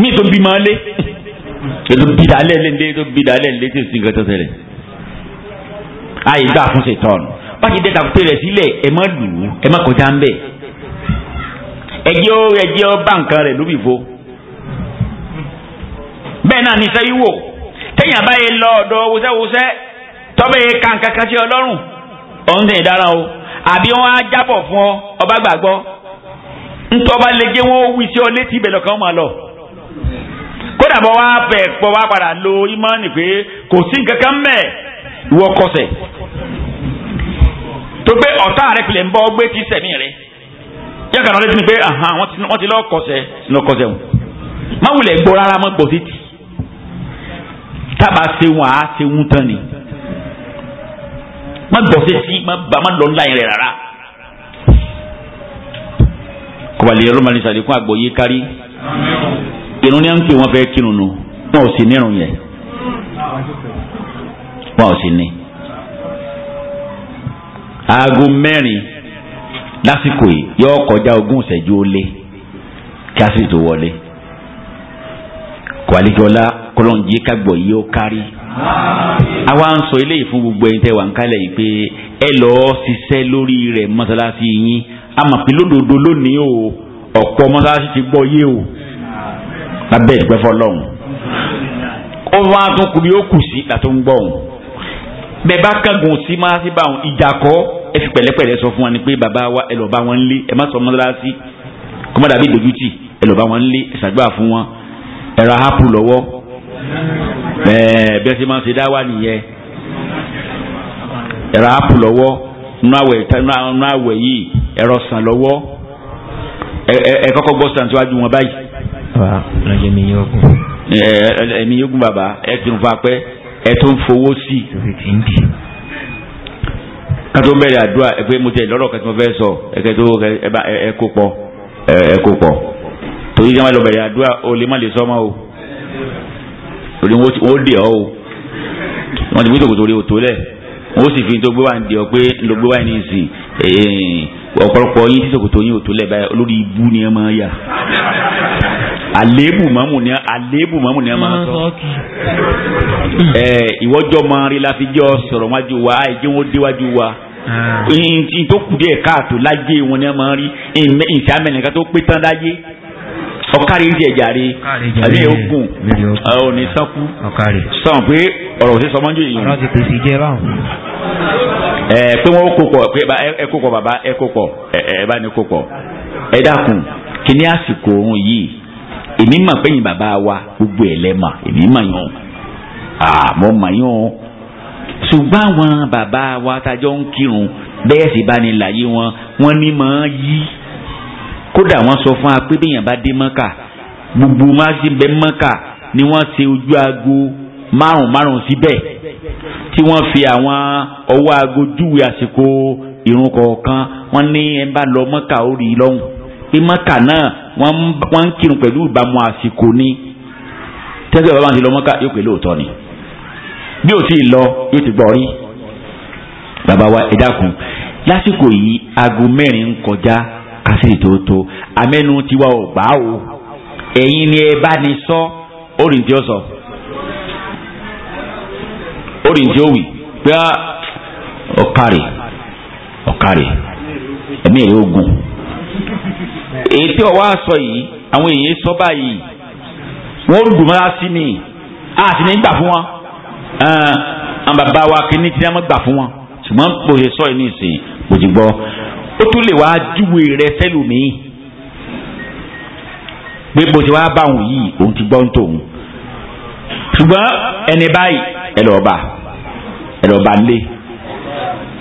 Speaker 1: mí tó bí máa [laughs] lé ètò bí dálẹ̀ àyè gbà fún ṣètọ́nù bá ti dẹ́ta pété rẹ̀ sílẹ̀ ẹ má lù ú ẹ má kọjá ń bẹ̀ ẹjẹ́ ó ẹjẹ́ ó bá nǹkan rẹ̀ lóbi fo bẹ́ẹ̀ náà ní sẹ́yìn wò téèyàn bá yẹ lọ ọ̀dọ̀ wosẹ́wosẹ́ tọ́bẹ̀ yẹ kan kankan sí ọlọ́run ọ̀hún tẹ̀yìn dára o àbí wọn á jábọ̀ fún ọ ọba gbàgbọ́ ntọ́ba lè jẹ́ wọn wí sí ọ létí ibẹ̀ lọ́kàn máa lọ kódà bọ́ wá bẹ̀ pọ̀ wá padà lo ìmọ̀ọ́nì pé kò sí nǹkan kan mẹ́ẹ̀ ìwọ kọsẹ̀ tó pé ọ̀tá rẹ̀ pilẹ̀ ń bọ́ gbé tí sẹ̀mí rẹ̀ yẹ kàn lọ́dẹ́ tí ni pé wọ́n ti lọ́kọ̀ọ́sẹ̀ lọ́kọ̀ọ́sẹ̀ wọn má wulẹ̀ gbọ́ rárá mọ́ gbọ́ títì tábà sehun àá sehun tán ni má gbọ́ sétí má ba má lọ láyìn rẹ̀ rárá kọ̀bàlẹ̀ yẹn ló máa ní sàlékún àgbọ̀yé kárí irun ni à ń pè wọ́n fẹ́ kírun nù wọn ò sì nírun yẹn wọn ò sì ní aago mẹ́rin lásìkò yìí yóò kọjá ogún ìṣẹ́jú ó lé kí a sì tó wọlé kọ́lẹ́kọ́lá kọ́lọ́njì kágbọ̀ yìí ó kárí. àwa ń sọ eléyìí fún gbogbo ẹni tẹ́ wà ń kálẹ̀ yìí pé ẹ lọ́ọ́ ṣiṣẹ́ lórí rẹ̀ mọ́sálásí yín àmọ́ lódodo lónìí o ọ̀pọ̀ mọ́sálásí ti gbọ́ yé o lábẹ́ ìpẹ́ fọlọ́hún. ó wá tún kú bí ó kù sí ìgbà ń gbọ́ òun. bẹ́ẹ̀ bá kángun sí mọ́sálásí bá òun ìjà kọ́ ẹ fi pẹ̀lẹ́pẹ̀lẹ́ sọ fún wa ni pé bàbá wa ẹ lọ bá wọn lé ẹ má sọ mọ́sálásí kọ́mọ́ dàbí dojútì ẹ lọ bá wọn lé ẹ ṣàgbà fún wọn ẹ ra ápù lọ́wọ́ bẹ́ẹ̀ bí ẹ ṣe máa ṣe dá wà nìyẹn ẹ ra ápù lọ́wọ́ nínú àwẹ̀ yìí ẹ rọ sàn lọ́wọ́ ẹ kọ́kọ́ gbọ́ sàn síwájú wọn báyìí. ẹ̀mí yóò gún bàbá ẹ tún fa pẹ́ ẹ tún fowó sí i kátó bẹ̀rẹ̀ àdúrà ẹ pé mo tẹ̀ lọ́rọ̀ kẹ́tí mo fẹ́ sọ ẹ̀kẹ́ tó ẹ kó pọ̀ ẹ kó pọ̀ torí jẹ́ wọn lọ bẹ̀rẹ̀ àdúrà o lè má lè sọ ọmọ o torí wọ́n dì ọ́ o wọ́n ti fi tòkòtò rí o tó lẹ̀ wọ́n sì fi tó gbé wá ń dì pé ló gbé wá ní ìsìn ọ̀pọ̀lọpọ̀ yín tí tòkòtò yín ò tó lẹ̀ báyìí olórí ibú ni ẹ máa yà àléébù mọ́mù ni àléébù mọ́mù ni ẹ máa sọ ìwọ́jọ́ máa rí la fi jẹ́ ọ sọ̀rọ̀ wájú wa àìjẹ́ wọn déwájú wa ìyìn ah. tó kù díẹ̀ káàtó lájẹ́ wọn ni wọ́n máa ń rí ìsì amẹ́nìkan tó pé tán láyé ọ̀kárẹ̀ ìdí ẹ̀jà rẹ̀ ẹ̀mí ogun òní sánkú sàn pé ọ̀rọ̀ òsè sọmọ́jú èèyàn.
Speaker 2: ọ̀rọ̀ ti pèsè jẹ́ báwọn.
Speaker 1: ẹ pé wọn kó pọ̀ pé ẹ kó pọ̀ bàbá ẹ kó pọ̀ ẹ bá ní kó pọ̀ ẹ dákun kí àsìkò òun yìí èmi mà pé bàbá wa gbogbo ẹ̀ lẹ́mà èmi mà yàn án àmọ́ mà yàn án ṣùgbọ́n àwọn bàbá wa tajọ́ ń kírun bẹ́ẹ̀ sì bá ní láyé wọn wọn ní mọ̀ yí kódà wọ́n sọ fún wa pé bí èèyàn bá dé mọ́kà gbogbo máa ṣe bẹ́ mọ́kà ni wọ́n ṣe ojú aago márùn márùn síbẹ̀ tí wọ́n fi àwọn ọwọ́ aago júwe àsìkò ìrun kọ̀ọ̀kan wọ́n ní ẹ bá lọ mọ́kà ó rí i lọ́hùn pé mọ́kà náà wọ́n ń kírun pẹ̀lú ìbámu àsìkò ni tẹ́sí bàbá wọn ti lọ mọ́kà yóò pè lóòótọ́ ni. bí o ti lọ yóò ti bàbá wa ẹ dákun lásìkò yìí aago mẹ́rin ń kọjá kásìrì tiwa ò gbà o ni ẹ bá ní sọ orin tí ó sọ orin tí ó wì pé ọ̀kàrè ọ̀kàrè ẹ̀mí ẹ̀rọ ogun èyí tí ọwọ́ àsọ yìí àwọn èyí sọ báyìí fún wọn. Eh, àwọn bàbá wa kìíní tí wọ́n gbà fún wọn ṣùgbọ́n kò lè sọ yìí ní ìsìn kò jí gbọ́ ó tún lè wá júwe rẹ fẹ́lòmíì pé bó ti wá bá òun yìí òun ti gbọ́ ń tòun ṣùgbọ́n ẹni báyìí ẹ lọ́ọ́ lé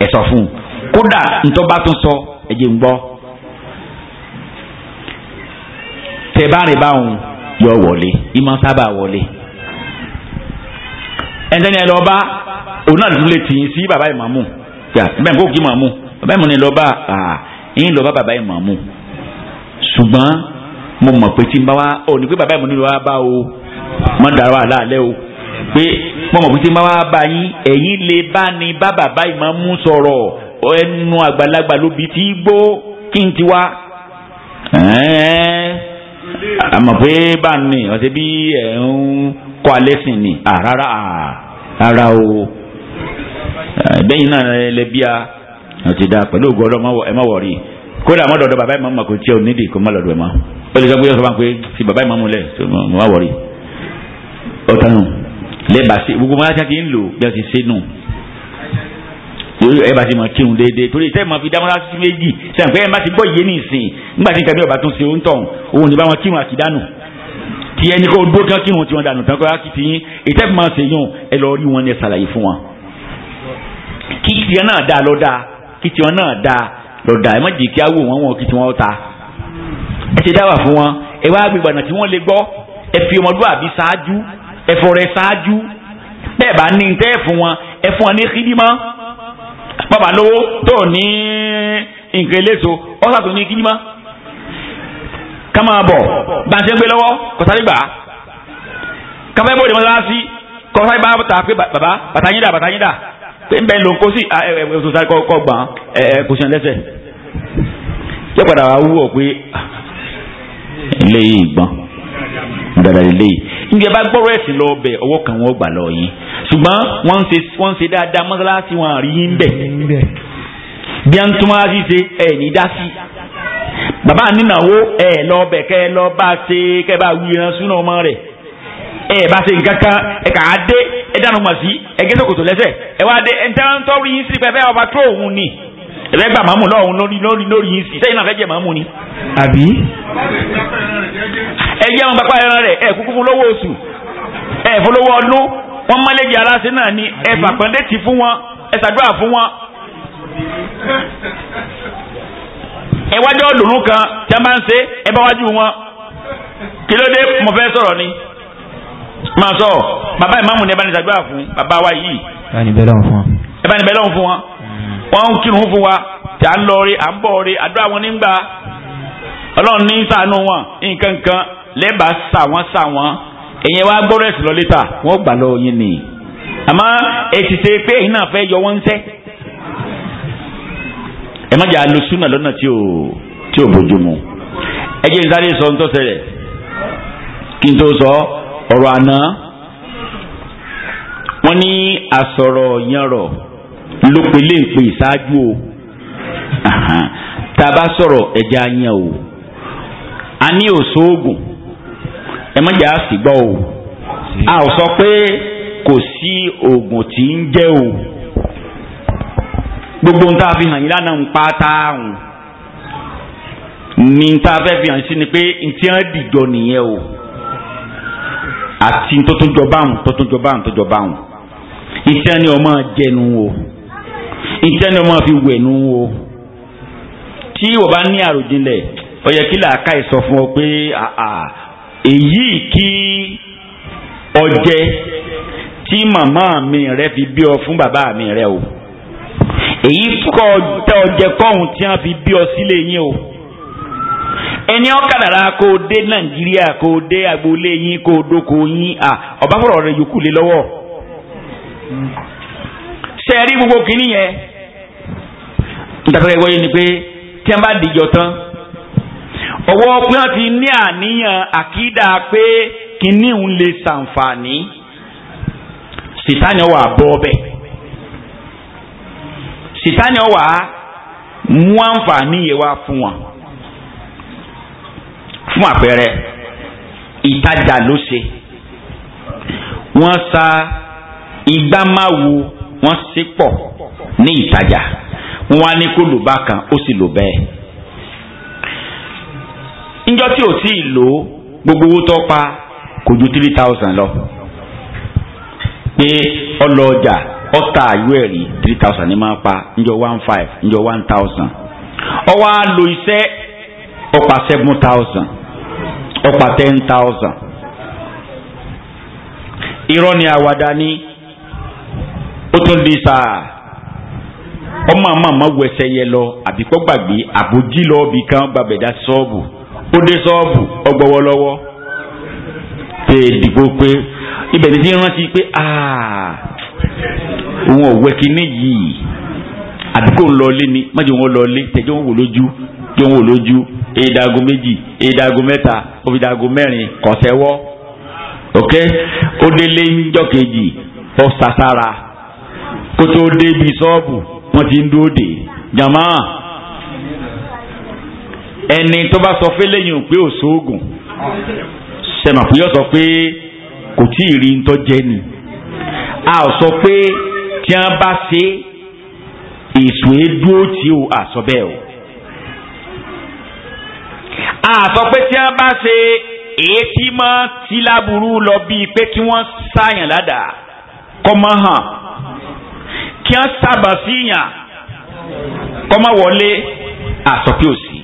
Speaker 1: ẹ fún un kódà ntọ́ba tún sọ ẹ ń gbọ́ tẹ bá rìn báwọn yọ wọlé ìmọ̀ sábà wọlé ẹnitẹni ẹ lọ bá òun náà lulẹ̀ tì í sí bàbá ìmàmù bẹ́ẹ̀ kó kí baba bàbá ìmàmù ni lọ bá yín lọ bá bàbá ìmàmù ṣùgbọ́n mo mọ̀ pé tí n bá wa ò ní pé bàbá ìmàmù ni lọ wá bá o mọ̀ dàrú àlá àlẹ́ o pé mo mọ̀ pé tí n bá wa bá yín ẹ̀yin lè bá ni bá bàbá ìmàmù sọ̀rọ̀ ẹnu àgbàlagbà ló bi tí gbó kí n ti wá àmọ̀ pé bá ní ọ̀sẹ̀ bí ẹ̀ ń kọ́ alẹ́ sìn ni rárá rárá o bẹ́yìn náà lẹ́bíà ọtí dáa pẹ̀lú ògùn ọlọ́mọ ẹ má wọ̀rí kódà àmọ́ dọ̀dọ̀ bàbá ìmọ̀ mọ̀ kò tí ò nídìí kó má lọ́dọ̀ ẹ̀ mọ́ ó lè sọ pé yóò sọ pé fi bàbá ìmọ̀ mu lẹ̀ mo má wọ̀rí ọ̀tá nù lẹ́bàá sí gbogbo máa ṣáàkì ń lò bí a ti ṣe nù ẹ̀bà ti mọ̀ kírun déédéé torí tẹ́ mọ̀ fi dá mọ́lá sí méjì sẹ́yìn pé ẹ̀ má ti gbọ́ ìyé nìsín nígbà tí nǹkan bí ọba tún ṣe ń tọ̀ òun ní bá wọn kírun àti tí ẹni kó dúró kán kírun tí wọn dànù tán kó yá kí ti yín ètò ẹ̀fọ́ máa ṣe yàn ẹ lọ rí wọn ní ẹ ṣàlàyé fún wọn. kí tiwọn náà dáa lọ dáa kí tiwọn náà dáa lọ dáa ẹ má jẹ́ kí á wò wọ́n wọn kí tiwọn ta. ẹ ti dáwà fún wọn ẹ wá gbé gbàdàn tí wọ́n lè gbọ́ ẹ fi ọmọlúwàbí ṣáájú ẹ fọrẹ ṣáájú bẹ́ẹ̀ bá ní tẹ́ fún wọn ẹ fún wọn ní kídímọ́ bàbá lówó tó ní nǹkan eléso ọ ká máa bọ̀ bá a ṣe ń gbé lọ́wọ́ kọ́sáré gbà á káfẹ́ bóde mọ́sálásí kọ́sáré bá ta pé bàbá bàtà yín dà bàtà yín dà pé ń bẹ́ẹ̀ ló ń kó sí ọ̀sọ̀sáré kọ́ gbà á kò sí ẹ̀ lẹ́sẹ̀ yóò padà wá wúwọ̀ pé eléyìí ah, gbọ́n dada eléyìí njẹ bá gbọ́rọ̀ ẹ̀sìn lọ bẹ̀ ọwọ́ kan wọ́n gbà lọ yín ṣùgbọ́n wọ́n ṣe wọ́n ṣe dáadáa mọ́sálásí wọn àrí yín bẹ̀ bí wọ́n tún wá sí ṣe ẹ̀ ní dá Baba nínáwó ẹ lọ bẹ̀ kẹ́ ẹ lọ bá ṣe kẹ́ ẹ bá wí iran súná ọmọ rẹ̀ ẹ bá ṣe nǹkan kan ẹ kà á dé ẹ dáná mọ̀ sí ẹ gé sókòtò lẹ́sẹ̀ ẹ wá dé ẹ ń tẹ́wọ́n tọ́rí yín sí pẹ́ẹ́fẹ́ ọba tó òun ni ẹ bẹ́ gbà màmú lọ́hùn lórí lórí lórí yín sí sẹ́yìn náà fẹ́ jẹ́ màmú ni. àbí. ẹ jẹ́ àwọn pápá ẹran rẹ̀ ẹ kúkú fún lówó oṣù ẹ fún lówó ọdún wọ́n mọ́lẹ́jì ẹ wájú ọdùnnú kan tí a máa ń ṣe ẹ bá wájú wọn kí ló dé mo fẹ́ sọ̀rọ̀ ni máa sọ bàbá ìmáàmù ni ẹ bá ní ṣàdúrà fún bàbá wa yìí
Speaker 2: ẹ bá ní bẹ́lọ̀ fún wọn
Speaker 1: ẹ bá ní bẹ́lọ̀ fún wọn wọn ń kírun fún wa tí a ń lọ rí à ń bọ̀ rí àdúrà wọn nígbà ọlọ́run ní sànú wọn nǹkan kan lẹ́bàá sà wọ́n sà wọ́n ẹ̀yẹn wá gbọ́dọ̀ ẹ̀sìn lọ létà wọ́n gbà lọ yín nìyí àmọ́ ètìtì pé ẹ má jà súnà lọ́nà tí ò tí mu ẹ jẹ́ nsáré sọ ń tọ́sẹ̀ kí n tó sọ ọ̀rọ̀ àná wọ́n ní àsọ̀rọ̀ yanrọ̀ ló o tá a bá sọ̀rọ̀ ẹja yan o a ní òṣoògùn ẹ má o a ò sọ pé kò sí oògùn tí ń jẹ́ o. gbogbo ń tá a fi hàn yín lánàá ń pa tá a hùn ní tá a fẹ́ fi hàn sí ni pé ntí wọn dìjọ nìyẹn o àti tótójọ báwọn tótójọ báwọn tótójọ báwọn ntí wọn ni wọn máa jẹnu o ntí wọn ni wọn fi wẹ̀nu o tí wọn bá ní àròjinlẹ̀ ó yẹ kí làákà ìsọ fún ọ pé èyí kí ọjẹ tí màmá mi rẹ fi bí ọ fún bàbá mi rẹ o èyí kọ́ tẹ ọjẹ kọ́hún tí wọ́n fi bí ọ sílé yín o ẹni ọ̀kadàrà kò dé nàìjíríà kò dé agboolé yín kò dóko yín à ọba fọlọ rẹ yòókù lé lọ́wọ́ sẹẹrí gbogbo kìíní yẹn ntàkàkẹ́ wọ́yẹ ni pé tí wọ́n bá dìjọ tán ọwọ́ pé wọ́n ti ní àníyàn àkídà pé kìíní ń lè ṣàǹfààní sìtáni wà bọ́ bẹ́ẹ̀ sitani ọwà mú àǹfààní yẹn wá fún wọn fún àpẹẹrẹ ìtajà ló ṣe wọ́n sa igbá máa wo wọ́n ṣe pọ̀ ní ìtajà wọ́n á ní kó lò bá kan ó sì lò bẹ́ẹ̀ níjọ́ tí ò tí lò gbogbo owó tó pa kò ju three thousand lọ pé ọlọ́ọ̀jà ọta àyọ ẹ̀rí three thousand ní máa njọ one five njọ one thousand ọwọ́ àlò iṣẹ́ ọ̀pá seven thousand ọ̀pá ten thousand irọ́ ni àwàdà ni ó tún di ma ọmọ àmọ́ àmọ́ yẹ lọ àbíkọ́ gbàgbé lọ ibì kan gbàbẹ̀dá sọ́ọ̀bù ó dé sọ́ọ̀bù ọgbọ́wọ́ lọ́wọ́ tẹ̀ òun ọ̀wẹ́ kínní yìí àdúgbò ńlọlé ni májò wọn lọlé tẹjọ́ wọn wò lójú jọ́ wọn wò lójú èdàgò méjì èdàgò mẹ́ta òfìdàgò mẹ́rin kọ̀sẹ́wọ́ ok ó délé ńjọ́ kejì ó sasara kótó débi sọ́ọ̀bù wọ́n ti ń dúró dè jàmá ẹni tó bá sọ fẹ́lẹ́ yìí pé ò sóògùn sẹ́mà pé yọ sọ pé kò tí ì rí ń tọ́jẹ́ ni a ò sọ pé tí wọ́n bá ṣe èso èdúró tí o àsọ bẹ́ẹ̀ o a sọ pé tí wọ́n bá ṣe èétí mọ́ tí láburú lọ bíi pé kí wọ́n sáyàn ládàá kọ́ mọ́ hàn kí wọ́n sábà síyàn kọ́ mọ́ wọlé a sọ pé ò sí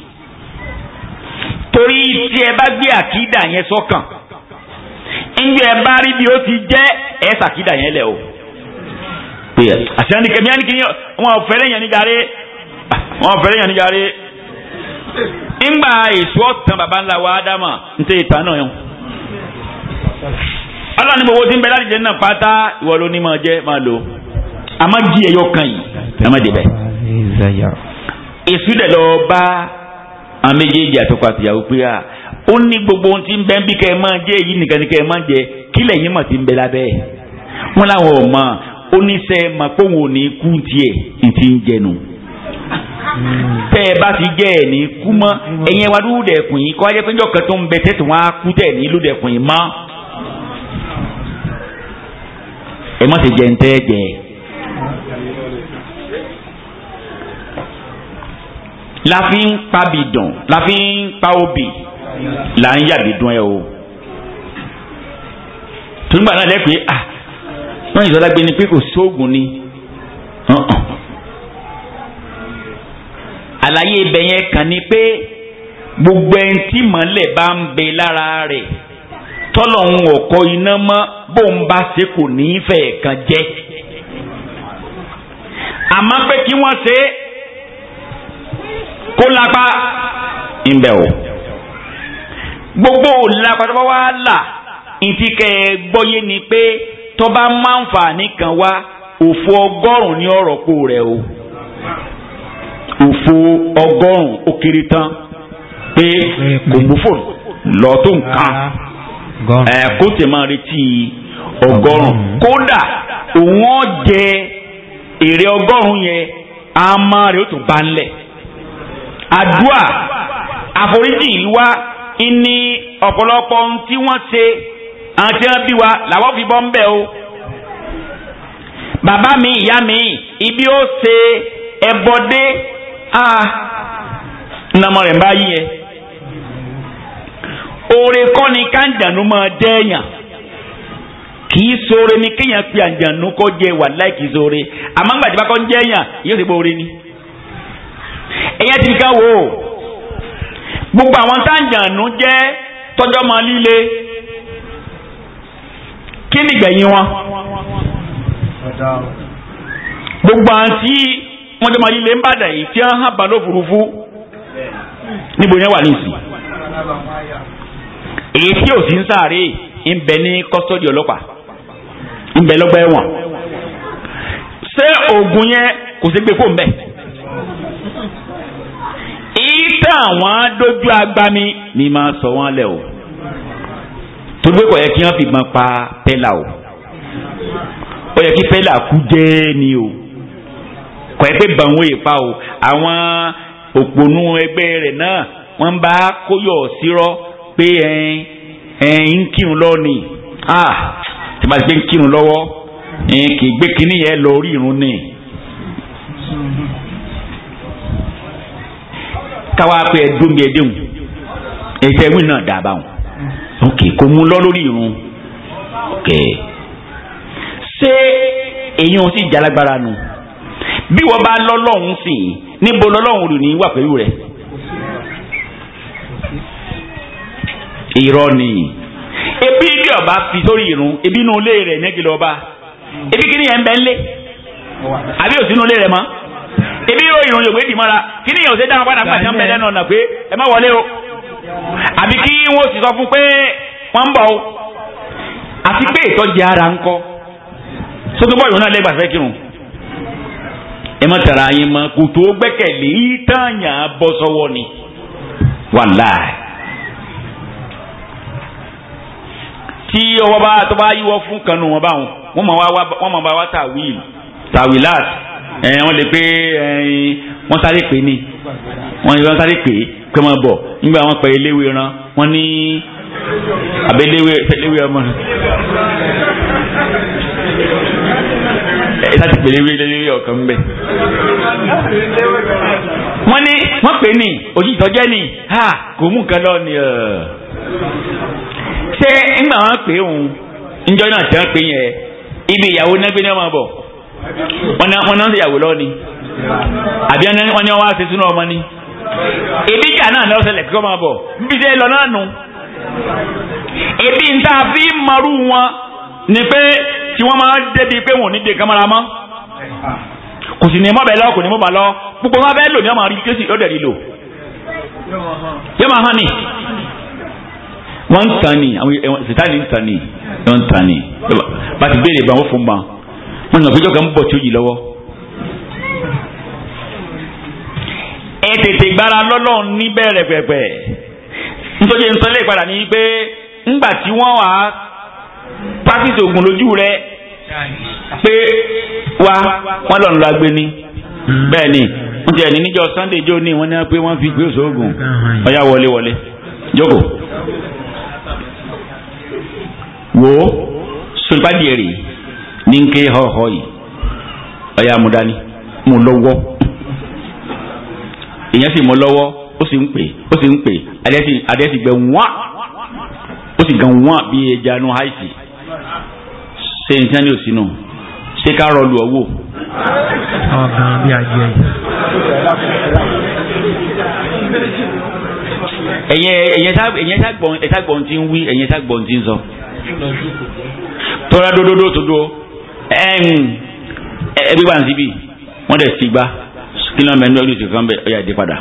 Speaker 1: torí tí ẹ bá gbé àkídà yẹn sọ́kàn. So iye ẹ bá rí bí ó ti jẹ́ ẹ sàkídà yẹn lẹ̀ o. àti ẹni kẹmí ẹni kìíní wọn ò fẹ́rẹ̀ yẹn ní jàre wọn ò fẹ́rẹ̀ yẹn ní jàre. ńgbà èso ọ̀tàn baba ńlá wa ádámà ń tẹ ìtàn náà yẹn. Allah ni gbogbo tí ń bẹ láti jẹ náà pátá ìwọ ló ní máa jẹ máa lò a máa jí ẹyọ kan yìí ẹ má débẹ̀. èsù dẹ̀ lọ bá àwọn méjèèjì àtọkọ àtìyàwó pé à ó ní gbogbo ohun tí ń bẹ́ ń bí kẹ́ ẹ máa jẹ èyí nìkan ni kẹ́ ẹ máa jẹ kí lẹ́yìn mọ̀ ti ń bẹ lábẹ́ ẹ̀ wọ́n láwọn ò mọ̀ ó ní sẹ́ ẹ mọ̀ pé òun ò ní kú tiẹ̀ ìtì ń jẹnu. tẹ́ ẹ bá ti jẹ́ ẹ̀ ní kú mọ́ ẹ̀yin wa ló dẹ̀kùn yìí kọ́ ajẹ́ pé kan tó ń bẹ tẹ́tù wọn á kú tẹ̀ ní ló dẹ̀kùn yìí mọ́. ẹ má ti jẹ ń tẹ́ jẹ. la fi ń pa bìdàn la fi ń pa obì là ń yàgbé dún ẹ o tùnúgbà náà lẹ́pẹ́ à ah, wọ́n yìí lọ́lágbé ni pé kò sóògùn ni àlàyé ibẹ̀ yẹn kàn ní pé
Speaker 2: gbogbo ẹni tí
Speaker 1: mọ́lẹ̀ bá ń bẹ lára rẹ̀ tọ́lọ́hún ọ̀kọ́ iná mọ́ bó ń bá ṣe kò ní í fẹ́ kan jẹ́ àmọ́ pé kí wọ́n ṣe kó lápá ń bẹ̀ o gbogbo òlà pátápátá wa là ìtì kẹ́ ẹ gbọ́yé ni pé tọ́ba máa ń fà nìkan wá òfò ọgọ́rùn-ún ní ọ̀rọ̀ kó rẹ̀ o òfò ọgọ́rùn-ún ó kéré tán pé kò mú fòrò lọ tó nǹkan ah, ẹ kó tẹ̀ máa retí ọgọ́rùn kódà òun ọ̀ èrè ọgọ́rùn yẹn a máa rè ó tún bá ń lẹ̀ àdúà àforíjì yìí wá ìní ọ̀pọ̀lọpọ̀ ohun tí wọ́n ṣe àwọn tí wọ́n bí wa làwọn fi bọ́ ń bẹ̀ o. bàbá mi ìyá mi ibi ó ṣe ẹbọ a nàmọ rẹ̀ ń bá yí yẹn. oore kọ́ ni káńjànú máa dẹ́yàn kì í ṣoore ni kéèyàn pe àǹjànú kọ́ jẹ wà láì kì àmọ́ ńgbàdìbá kọ́ ń jẹ́yàn yóò ṣe bọ́ ni. ẹ̀yẹ́ ti ká wò ó gbogbo àwọn táǹjànú jẹ́ tọjọ́ mọ líle kí nìgbẹ̀yìn wọn gbogbo àwọn tí wọ́n jẹ́ mọ líle ń bàdà yìí tí wọ́n hàn bá lófurufú níbo yẹn wà nísìnyí èyí tí ò sí ń sáré ń bẹ ní kọ́sítọ́dì ọlọ́pàá ń bẹ lọ́gbà ẹ̀wọ̀n ṣé oògùn yẹn kò sí gbé fóun bẹ́ẹ̀ ìtàn wọn dojú agbami ni máa sọ wọn lẹ o torí pé kò yẹ kí wọn fìbọn pa pẹlà o ó yẹ kí pẹlà kú jẹ ni o kò yẹ pé bàwọn ìpa o àwọn òpònú ẹgbẹ́ rẹ̀ náà wọ́n bá kóyọ̀ sírọ́ pé ẹ̀yin ẹ̀yin ń kírun lọ ni ah, tí bá ti ń kírun lọ́wọ́ kì í gbé kínní yẹn lọ rí irun ni káwá pé ẹ dún bí ẹ déhùn ẹsẹ wí náà dà báwọn ok kò mú lọ lórí irun ok ṣé èyí wọn sì jalagbára nu bí wọn bá lọ lọhùnún sí i níbo lọlọhùn lù ní wà pẹ̀lú rẹ irọ́ nìyí ebi bí oba fi sórí irun ebi inú re rẹ nẹgìlọ ọba ebi kí ni yẹn bẹ ń lé àbí òsínú ilé rẹ mọ́ ebi yóò yòrò yògbé dì mọ́ra kí ni ìyànjẹ́ dáhùn padà gbàjá ń bẹ lẹ́nu ọ̀nà pé ẹ má wọlé o àbí kí wọ́n sì sọ fún pé wọ́n ń bọ̀ o àti pé ìtọ́jú ara ń kọ́ sótó bọ́ọ̀lù náà lẹ́gbàá fẹ́ kírun ẹ má tara yín mọ́ kò tó gbẹ́kẹ̀lé ìtàyà bọ́ sọ́wọ́ ni wàláì. tí ọwọ́ bá tó bá yíwọ́ fún kanu wọn báwọn wọ́n máa wá tàwíl tàwílàtì. Eh, wọ́n lè pé eh, wọ́n sáré pé ni wọ́n lè sáré pé pé wọ́n bọ̀ nígbà wọ́n pè é léwé ran wọ́n ní abẹ́léwé léwé ọmọ ẹ eh, sáà ti pè léwé léwé ọ̀kan ń bẹ̀. wọ́n ní wọ́n pè ní òjì ìtọ́jẹ́ ní ha kò mú nǹkan lọ ni ṣé nígbà wọ́n pè òun níjọ́ náà tí wọ́n pè yẹn ibi ìyàwó náà gbé ní ọmọ bọ̀ wọn ni wọn náà ń ṣèyàwó lọ́ọ́ ni àbí wọn ni wọn wá ṣe sínú ọmọ ni ebi jà náà lọ ṣẹlẹ̀ kí wọ́n máa bọ̀ níbi tẹ́ lọ náà nù ebi ń tá a fi marú wọn ni pé tí wọ́n máa débi pé wọn ò ní de kamara mọ́ kò sì ní mọ́ bẹ́ẹ̀ lọ kò ní mọ́ bà lọ gbogbo wọn bẹ́ẹ̀ lò ní ọmọ àrídí kéṣì lọ́dẹ̀ lílo
Speaker 2: yóò máa hàn ní wọ́n ń tàn
Speaker 1: ní àwọn ìṣètàn ní ń tàn ní wọ́n ń tàn ní bá ti béèrè bá wọ́n fún wọn mo nà fíjọ́ kan bọ̀ tí ó yìí lọ́wọ́. ẹ tètè gbára lọ́lọ́run níbẹ̀rẹ̀ pẹ̀pẹ̀ nítorí nsọ́lẹ̀ ìpadà ni pé ńgbà tí wọ́n wà á pásítì ògùn lójú rẹ̀ pé wá wọ́n lọ́n lọ agbé ni bẹ́ẹ̀ ni wọ́n ti ẹ̀ ní níjọ́ Sunday jó ní wọ́n ní pé wọ́n fi gbé sóògùn ọ̀yá wọlé wọlé jókòó wo sùpàdé rèé ní ń ké họ́họ́ yìí ọ̀yà amúdání mú lọ́wọ́ ìyẹn sì mú lọ́wọ́ ó sì ń pè ó sì ń pè adé sì gbẹ wọ́n ó sì gan wọ́n bí ẹja nu àìsí ṣé n sani ò sínú ṣé ká rọlù ọ̀wọ́.
Speaker 2: ọ̀gá bí ajẹ́
Speaker 1: ẹ̀yẹ ẹ̀yẹ sá ẹ̀yẹ sá gbọ̀n ẹ̀yẹ sá gbọ̀n ti ń wí ẹ̀yẹ sá gbọ̀n ti ń sọ. tọ́lá dódódó tó dúró ẹbí wà níbí wọ́n dẹ̀ ti gbá kí ló ń bẹ ní ọdún ìṣèkan bẹ ọyà ìdí padà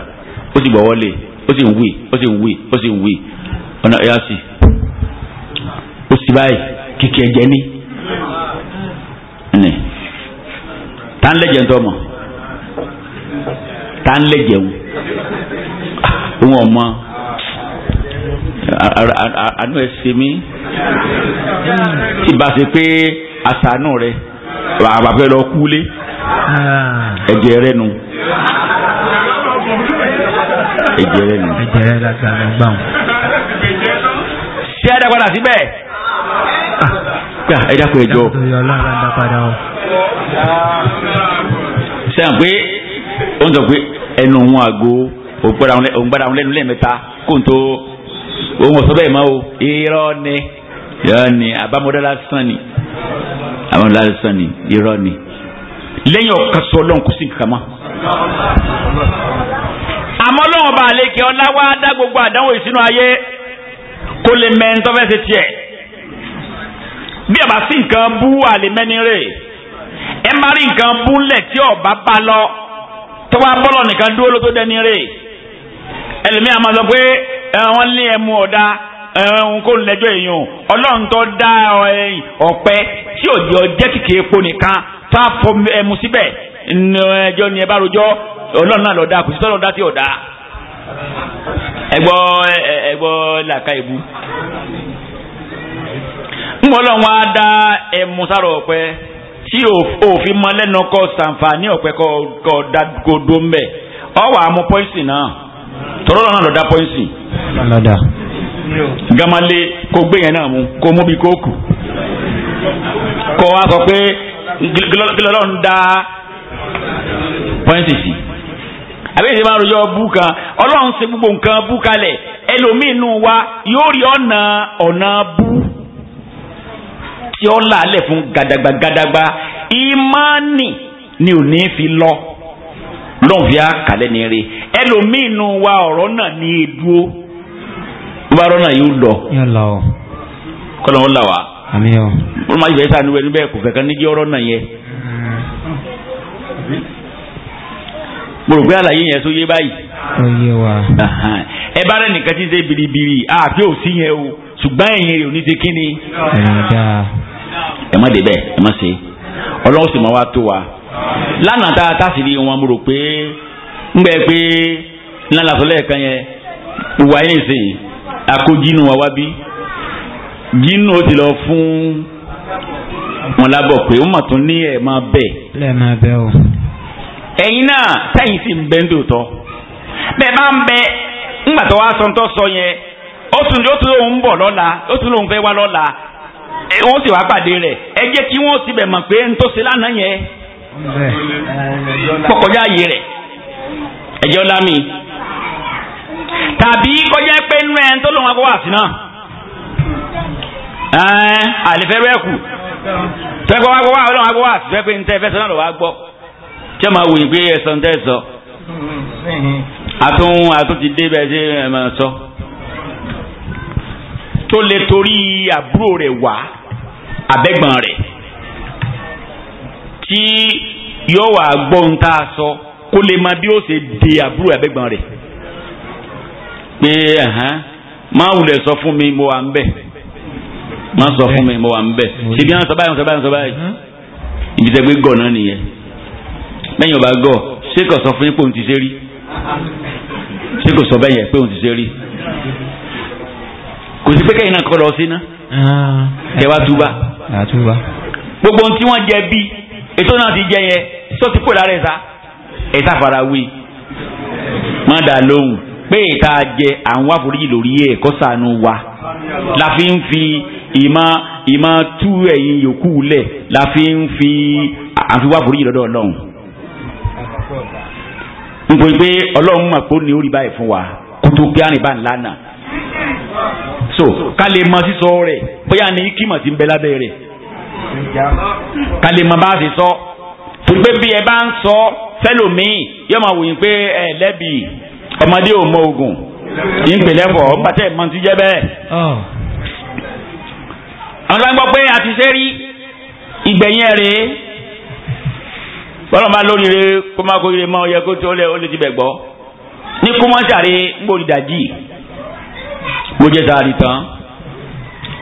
Speaker 1: ó sì gbọ́ wọlé ó sì ń wí ó sì ń wí ó sì ń wí ọ̀nà ọ̀yà sí ó sì báyìí kìkì ẹ̀jẹ̀ ní. tá ń lẹ̀jẹ̀ ń mọ̀ tá ń lẹ̀jẹ̀ ń òun ọmọ àánú ẹ̀ ṣe mí tí àṣàánú rẹ àbàfẹ́ lọ kúlé ah. ẹ̀jẹ̀ rẹ nu
Speaker 2: ẹ̀jẹ̀ rẹ nu. ẹ̀jẹ̀ rẹ la sàánú gbà wọn. ṣé ẹ dàgbàdà síbẹ̀. Ah. ẹ dákun ẹjọ.
Speaker 1: sẹ́yìn pé ó ń sọ pé ẹnu òun àgbo òun gbára òun lẹ́nu lẹ́ẹ̀mẹ́ta kó n tó òun ọ̀sọ́ bẹ́ẹ̀ máa o irọ́ ni irọ́ ni àbámọ́dá lásán ni àwọn lásán ni irọ́ ni lẹ́yìn ọ̀kan sọ ọlọ́run kò sí nǹkan mọ́. àmọ́ ọlọ́run bá àlekè ọlá wá dá gbogbo àdánwò ìsínú ayé kó lè mẹ́rin tó fẹ́ ṣe tiẹ̀. bí ọba sí nǹkan bú àlèmẹ́ni ẹ má rí nǹkan bú lẹ̀ tí ọba bá lọ tó wá bọ́lọ̀ nìkan dúró ló tó dẹ́ni ẹlòmíràn máa sọ pé ẹran wọn lé ẹmu ọ̀dà ẹ̀hún kó lẹ́jọ́ èèyàn ọlọ́run tó dá ọ̀pẹ tí ò jẹ́ ọjẹ́ kìkì epo nìkan fọ ẹmu síbẹ̀ ẹjọ́ ni ẹ bá náà lọ dá kò sí tí ò dá ẹgbọ́ ẹgbọ́ làkà ìbú. ń bọ́ lọ́wọ́ á dá ẹmu sára ọ̀pẹ tí òfin mọ lẹ́nu kọ́ ọ pọ́ìsì náà náà lọ dá pọ́ìsì. gamale kò gbé yẹn náà mu kó mú bí kóòkù akọ wá sọ pé gilọlọ ń da pọ́ìntì sí àbẹ́yẹsẹ̀ máa ròyọ́ bú ọlọ́run ṣe gbogbo nǹkan bú kalẹ̀ ẹlòmínú wa yóò rí ọ̀nà ọ̀nà bú tí ó làálẹ̀ fún gàdàgbà gàdàgbà ni ò ní fi lọ lọ́nfíà kàlẹ́ ni rí ẹlòmínú wa ọ̀rọ̀ bá rọ́nà yóò lọ. lọ kọ́nà ó là wá. wọ́n máa yẹ sànú ẹni bẹ́ẹ̀ kò kankan níjẹ́ ọ̀rọ̀ yẹ. mo rò pé àlàyé yẹn yé báyìí. ẹ bá rẹ̀ nìkan tí ṣe biribiri àti òsì yẹn o ṣùgbọ́n ẹ̀yìn rẹ̀ ò ní ṣe kí ni. ẹ wa lánàá tá a wọn mo rò pé ń pé ńlá akójínú wa wá bí jínú ó ti lọ fún wọn lábọ̀ pé ó mà tún ní ẹ̀ máa bẹ̀. lẹ́ẹ̀ máa bẹ̀ o. ẹ̀yin náà sẹ́yìn sì ń bẹ ń dòótọ́ bẹ́ẹ̀ bá ń bẹ ńgbà tó wá sọ́ńtọ́ sọ yẹn ó tún ó tún lóun bọ̀ lọ́la ó tún lóun fẹ́ wá lọ́la wọ́n sì wá pàdé rẹ̀ ẹ jẹ́ kí wọ́n ti bẹ̀ mọ̀ pé ń tó ṣe lánàá yẹn kọkọjá yìí rẹ̀
Speaker 2: ẹ̀jẹ̀ ọlámi tàbí
Speaker 1: kọjá pé nínú ẹni tó lòun akọ wà sí náà ẹn àlefẹ́ rẹ̀ kù tẹ́gbọ́ wá gbọ́ wá ọlọ́run agbọ́ wá àtúfẹ́ pé ntẹ́ fẹ́ sọ náà lọ́wọ́ agbọ́ tí ọmọ awòye pé ẹ̀sọ́ ntẹ́ sọ àtún àtún ti dé bẹ́ẹ̀ ṣe ẹ̀ máa sọ tó lè torí àbúrò rẹ̀ wá abẹ́gbọ̀n rẹ̀ tí yóò wá gbọ́ ń tá sọ kó lè máa bí ó ṣe de àbúrò abẹ́gbọ̀n rẹ̀ pé ẹ̀hán máa wulẹ̀ sọ fún mi mo wà ń bẹ̀ máa sọ fún mi mo wà ń bẹ̀ ṣèbí àwọn sọ́bàá sọ́bàá sọ́bàá yìí ibi tẹ́ gbé gọ̀ náà nìyẹn lẹ́yìn ọba gọ̀ ṣé kò sọ fún yín pé òun ti ṣe rí ṣé kò sọ bẹ́ẹ̀ yẹn pé òun ti ṣe rí kò sí pé kẹ́yìn náà kọ́ lọ sí náà ah. kẹ́ wá túbà gbogbo ohun tí wọ́n jẹ bí ètò náà ti jẹ yẹn tó ti pò lára ẹ̀ sá fara wí má dà lóhùn pé ìta jẹ àwọn wá foríjì lórí ẹ̀ kó ṣàánú wa la fi ń fi ìmọ̀ ìmọ̀ tú ẹ̀yìn yòókù lẹ̀ la fi ń fi àfi wá foríjì lọ́dọ̀ n kò pé ọlọ́run mà pé ó ní orí báyìí fún wa kó pé àrìnbá ńlá náà so ká lè mọ sísọ rẹ̀ bóyá ní kímọ̀ ti ń bẹ lábẹ́ rẹ̀ ká lè mọ bá sì sọ pé bí ẹ bá ń sọ fẹ́lòmíì yóò máa wòye pé ẹ lẹ́bi ọmọdé ò mọ ogun ìpìlẹ̀fọ̀ bàtẹ́ mọ ti jẹ́ bẹ́ẹ̀. Oh. àwọn sáà ń gbọ́ pé a ti ṣe rí ìgbẹ̀yìn ẹ̀ rèé bọ́lọ́mọ alóríire kó má kó ire mọ́ ọyẹ kó tó lẹ ó lè ti bẹ̀ gbọ́ ní kó wọ́n sàré ń bò dídàjì bó jẹ́ sàárì tán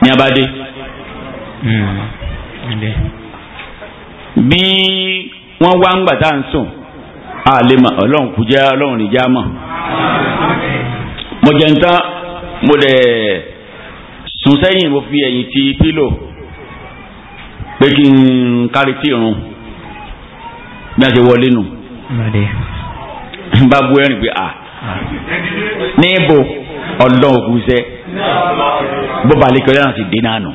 Speaker 1: ní abadé. Hmm. bí wọ́n wá ń gbà tá à ń sùn àlema ọlọ́run kújá ọlọ́run níjà mọ̀ mo jẹun tán mo dẹ̀ sùn sẹ́yìn mo fi ẹ̀yìn ti pílò pé kí n kárí tí irun bí a ṣe wọlé nù bá bu ẹ̀rìn pé à níbo ọlọ́run kú sẹ́ bó balẹ̀ kí ọlọ́run ti dé náà nù.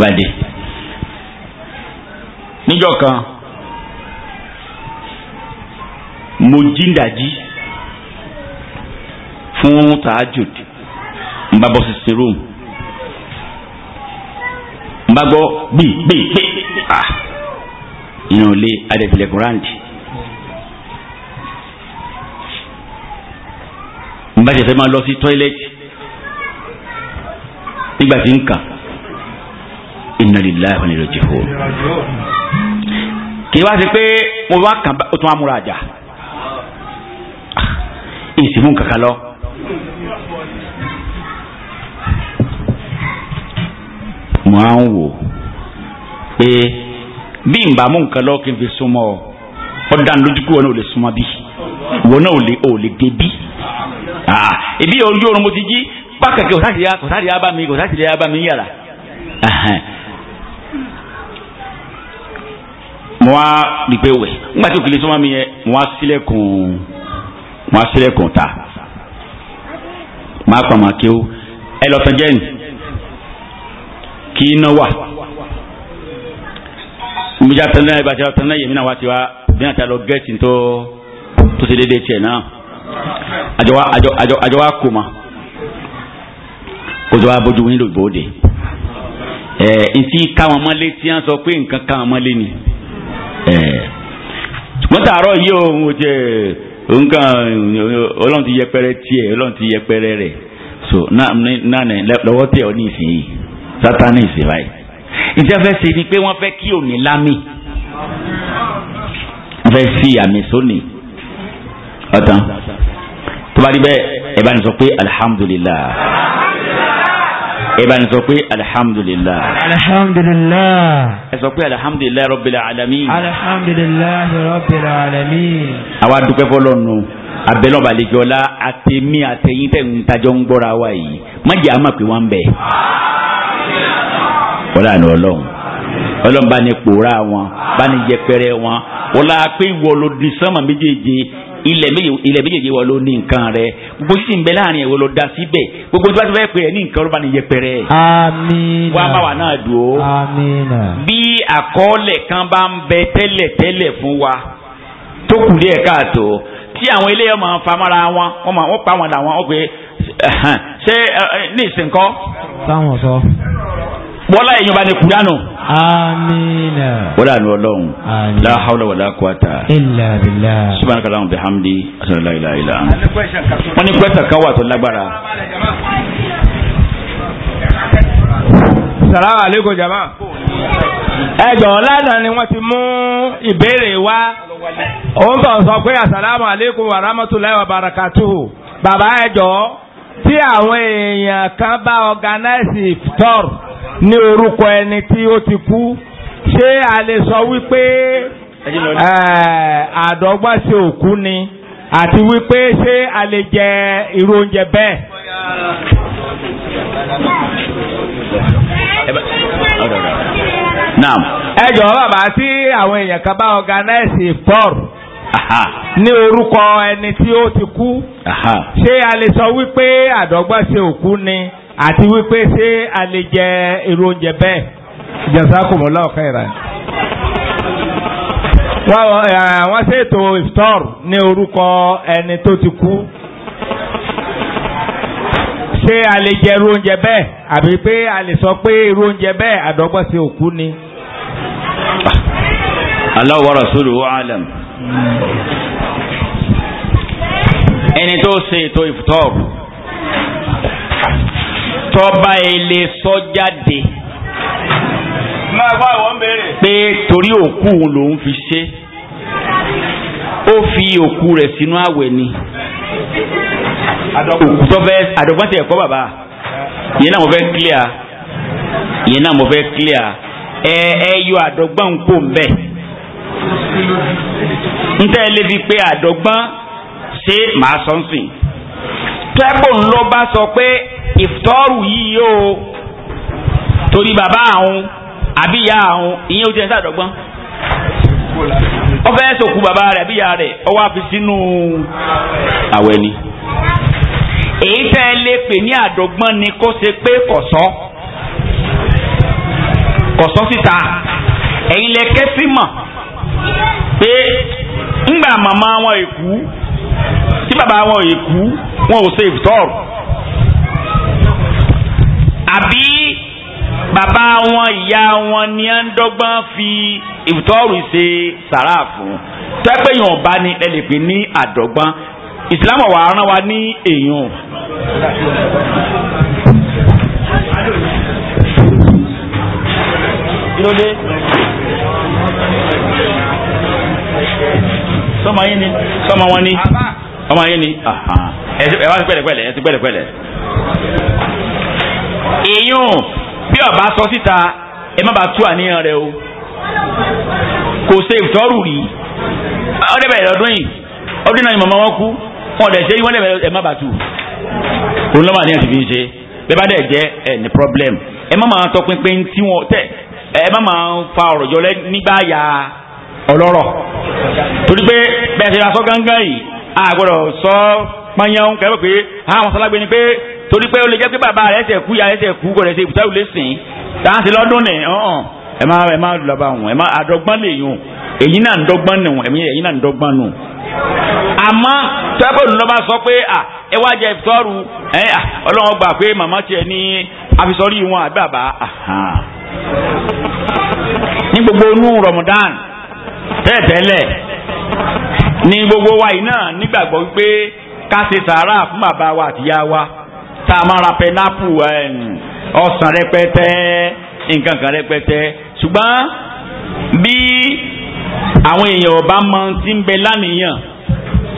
Speaker 1: wádìí kan. mo jíǹdàjí fún tahajud n bá bọ́ sí sin room n bá gbọ́ gbì gbì gbì ah inú ilé adébílẹ̀ grand n bá ṣẹ̀ṣẹ̀ máa lọ sí toilet nígbà tí n kà inna lillahi wa inna ilaihi raji'un kí wá sí pé mo wá kàn ó tún wá múra àjà ìsìnkú kankan lọ. mo á ń wò pé bí n bá mú nǹkan lọ kí n fi súnmọ́ ọ ọ dá lójú kúrò náà ò lè súnmọ́ bí ìwọ náà ò lè ò lè dé bí. ìdí ojú oorun mo ti jí pákàkì kòtàdì yá bá mi kòtàdì bá mi yàrá. mo á rí i pé wẹ̀ nígbà tí òkèlè súnmọ́ mi yẹ mo á sílẹ̀kùn wọn á sílẹ̀kùn ta máa pa máa kí ó ẹ lọ tán jẹ́yìn kí iná wà nbíjà tán náà ìbàjẹ́ tán náà yèmí náà wá ti wá bí náà ti lọ gẹ́ẹ̀tì tó tó ti déédéé tiẹ̀ náà àjọ wa àjọ àjọ àjọ wa kò mọ́ kótó wa bójú wíńdò bòde ẹ ntí káwọn mọ́lé tí wọ́n sọ pé nǹkan káwọn mọ́lé ni ẹ wọ́n yìí o ń wò jẹ́ ẹ nǹkan ọlọ́run ti yẹpẹrẹ tiẹ̀ ọlọ́run ti yẹpẹrẹ rẹ̀ so náà lọ́wọ́ tẹ̀ ọ́ ní ìsìn yìí sátánì ìsìn báyìí ìjẹ́ fẹ́ ṣe ni pé wọ́n fẹ́ kí òní lámì wọ́n fẹ́ fi àmì sóni
Speaker 2: ọ̀tán tó bá rí bẹ́ẹ̀ ẹ̀ bá ní sọ pé alihamudulilayi
Speaker 1: ẹ bá ní sọ pé alihamudulilá.
Speaker 2: alihamudulilá.
Speaker 1: ẹ sọ pé alihamudulilá rọbìlà alami.
Speaker 2: alihamudulilá rọbìlà alami. àwa dúpẹ́
Speaker 1: fọlọ́nù abẹ́lọ́ba àlejòọ́lá àtẹ̀mí àtẹ̀yìn tẹ̀ ń tajọ́ ń gbọ́ra wa yìí má jẹ́ àmà pé wọ́n ń bẹ̀. wọ́n lànà ọlọ́run ọlọ́run bá ní pòórá wọn bá ní yẹpẹrẹ wọn wọ́n la pé ìwọ ló di sánmà méjèèjì ilẹ̀ méjèèjì wọ ló ní nǹkan rẹ gbogbo sísìn bẹ láàrin ẹ̀wọ̀ lọ da síbẹ̀ gbogbo tí wọ́n ti fẹ́ pè é ní nǹkan ọlọ́ba ní yẹpẹrẹ. amiina wàá bá wa náà dùn ó. amiina. bí àkọọ́lẹ̀ kan bá ń bẹ tẹ́lẹ̀ fún wa tó kù díẹ̀ káàtó tí àwọn eléyọ̀ máa ń famára wọn wọ́n pa wọn dà wọn ó pé ṣé ní ìsìnkọ́. táwọn sọ bọ́lá èèyàn bá ní kúdánù.
Speaker 2: amiina.
Speaker 1: wọ́n dà ní ọlọ́run. amiina. la hawla wala quwata.
Speaker 2: illa billah.
Speaker 1: subhanaka allahumma bihamdi asalaam ilaha illa anta. wọ́n ní kwẹ́sà kan wà tó lágbára. salamu aleykum jama. ẹgbẹ̀rún lánàá ni wọ́n ti mú ìbéèrè wá. òun tó sọ pé asalaamu aleykum wa rahmatulahi wa barakatuhu. bàbá ẹjọ́ tí àwọn èèyàn kan bá organize iftar ní orúkọ ẹni tí ó ti kú ṣé a lè sọ wípé
Speaker 2: eh,
Speaker 1: àdọ́gbà ṣe òkú ni àti wípé ṣé a lè jẹ irú oúnjẹ bẹ́ẹ̀. naam ẹ jọ̀wọ́ bàbá tí àwọn èèyàn kan bá organize iftar ní orúkọ ẹni tí ó ti kú ṣé a lè sọ wípé àdọ́gbà ṣe òkú ni àti wípé ṣé a lè jẹ irú oúnjẹ bẹ́ẹ̀ jazakumullahu khairan. wọ́n ṣètò iftar ní orúkọ ẹni tó ti kú ṣé a lè jẹ irú oúnjẹ bẹ́ẹ̀ àbí pé a lè sọ pé irú oúnjẹ bẹ́ẹ̀ àdọ́gbọ́n òkú ni. Allah wa rasuluhu alam. Hmm. ẹni tó ṣe iftar tọ́ba ele sọ jáde pé torí òkú lòun fi ṣe ó fi òkú rẹ̀ sínú àwẹ̀ ni òkú tó fẹ́ àdọ́gbọ́nsẹ̀ ẹ̀kọ́ bàbá yẹn náà mo fẹ́ clear yẹn náà mo fẹ́ clear ẹ ẹ yọ àdọ́gbọ́n kò ń bẹ̀ ntẹ́ ẹ lè fi pé àdọ́gbọ́n ṣé màá sọ́nsìn tẹ́bù ńlọ bá sọ pé ìfọ́rù yìí o torí bàbá àwọn àbí ìyá àwọn ìyẹn ò jẹ́ sàdọ́gbọ́n ọfẹ sọkù bàbá rẹ àbí ìyá rẹ ọwọ àfi sínú àwẹ̀ ni. èyí tẹ́ ẹ lè pè ní àdọ́gbọ́n ni kó ṣe pé kọ̀sọ́ kọ̀sọ́ síta ẹ̀yin lẹ kẹ́sí mọ̀ pé ńgbà màmá wọn èkú tí bàbá wọn yìí kú wọn ò ṣe ìfitọ́r àbí bàbá wọn ìyá wọn ni à ń dọ́gbọ́n fi ìfitọ́rù ṣe sàrà fún tẹ́pẹ́ yàn bá ní ẹ lè pè ní àdọ́gbọ́n Islam wà á wa ní èèyàn. lóde sọmọ yín ni sọmọ wọn ni ọmọ yẹn ni ah, ah. ẹ wá sí pẹ̀lẹ́pẹ̀lẹ́ ẹ sí pẹ̀lẹ́pẹ̀lẹ́. ìyún bí ọba sọ síta ẹ má bàa tú àníyàn rẹ o kò ṣe ìtọ́rù rí ọdẹ bẹ̀rẹ̀ lọ́dún yìí ọdún náà ni màmá wọn kú wọn dẹ̀ ṣe wọn dẹ̀ bẹ̀rẹ̀ ẹ má bàa tú òun lọ́mọ àníyàn ti fi ṣe bẹ́ẹ̀ bá dẹ̀ jẹ́ ẹ̀ ní problem ẹ má máa tọpinpin tí wọn tẹ ẹ má máa fa ọ̀rọ̀ jọ nígbà ya ọlọ́rọ̀ torí pé bẹ́ẹ̀ ṣe àgbọ̀dọ̀ sọ pányán kẹ́lẹ́ pé àwọn sọlágbé ni pé torí pé ó lè jẹ́ pé bàbá rẹ̀ ẹsẹ̀ kú ya ẹsẹ̀ kú gọ̀rẹ́ ṣe ìbùtáwù lè sìn dáhùn sí lọ́dún ni ẹ má ẹ má lọ́ba wọn ẹ má àdọ́gbọ́n lè yùn èyí náà ń dọ́gbọ́n nù ẹ̀mí èyí náà ń dọ́gbọ́n nù. àmọ́ tẹ́kọ̀ọ́ ló bá sọ pé ẹ wá jẹ ìfọ́rù ọlọ́run gbà pé màmá tiẹ̀ ní àfisọ́rí wọn àbí bàbá ní gbogbo inú Ramadan tẹ́ẹ̀tẹ́lẹ̀ ní gbogbo wa yìí náà nígbàgbọ́ pé ká ṣe sàárà fún bàbá wa àtìyá wa tá a máa ra pẹnápù ọsàn rẹpẹtẹ nǹkan kan rẹpẹtẹ ṣùgbọ́n bí àwọn èèyàn ọba máa ti ń bẹ lánìyàn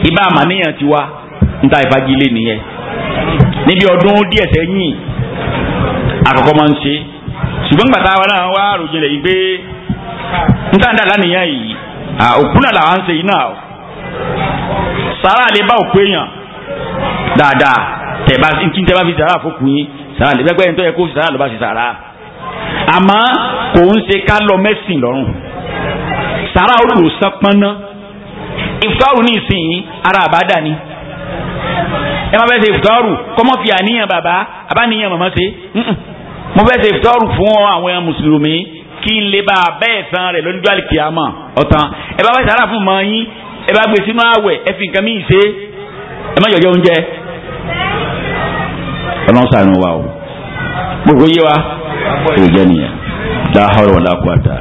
Speaker 1: ibà àmàníyàn tiwa níta ìfagilé nìyẹn níbi ọdún díẹ̀ sẹ́yìn àkọ́kọ́ máa ń ṣe ṣùgbọ́n gbàtà wa náà wá ròjìnlẹ̀ yìí pé níta níta lánìyàn yìí òkú náà làwọn ń ṣe yìí náà sàrà lè bá òkú èèyàn dáadáa tẹ̀bá kí n tẹ́bá fi sàrà fòkùn yín sàrà lè gbẹ́gbẹ́ ẹni tó yẹ kó sàrà ló bá ṣe sàrà àmọ́ kò ń ṣe ká lọ mẹ́sìn lọ́rùn sàrà olùsàn pọ́nná ìfọ̀rù ní ìsìn ara àbádà ni ẹ máa fẹ́ ṣe ìfọ̀rù kọ́mọ́ fi àníyàn bàbá àbáníyàn màmá ṣe mo fẹ́ ṣe ìfọ̀rù fún àwọn mùsùlùmí kí n lè bá bẹ́ẹ̀ san rẹ̀ lójú àlìkìyàmọ̀ ọ̀tàn ẹ bá fẹ́ sàrà fún mọ́ yín ẹ bá gbé sínú àwẹ̀ ẹ fi nǹkan míì ṣe ẹ má yọjọ oúnjẹ. ọlọ́run sàánú wa o
Speaker 2: gbogbo yé wa èyí jẹ́ nìyẹn láhàrọ̀ wala quwata.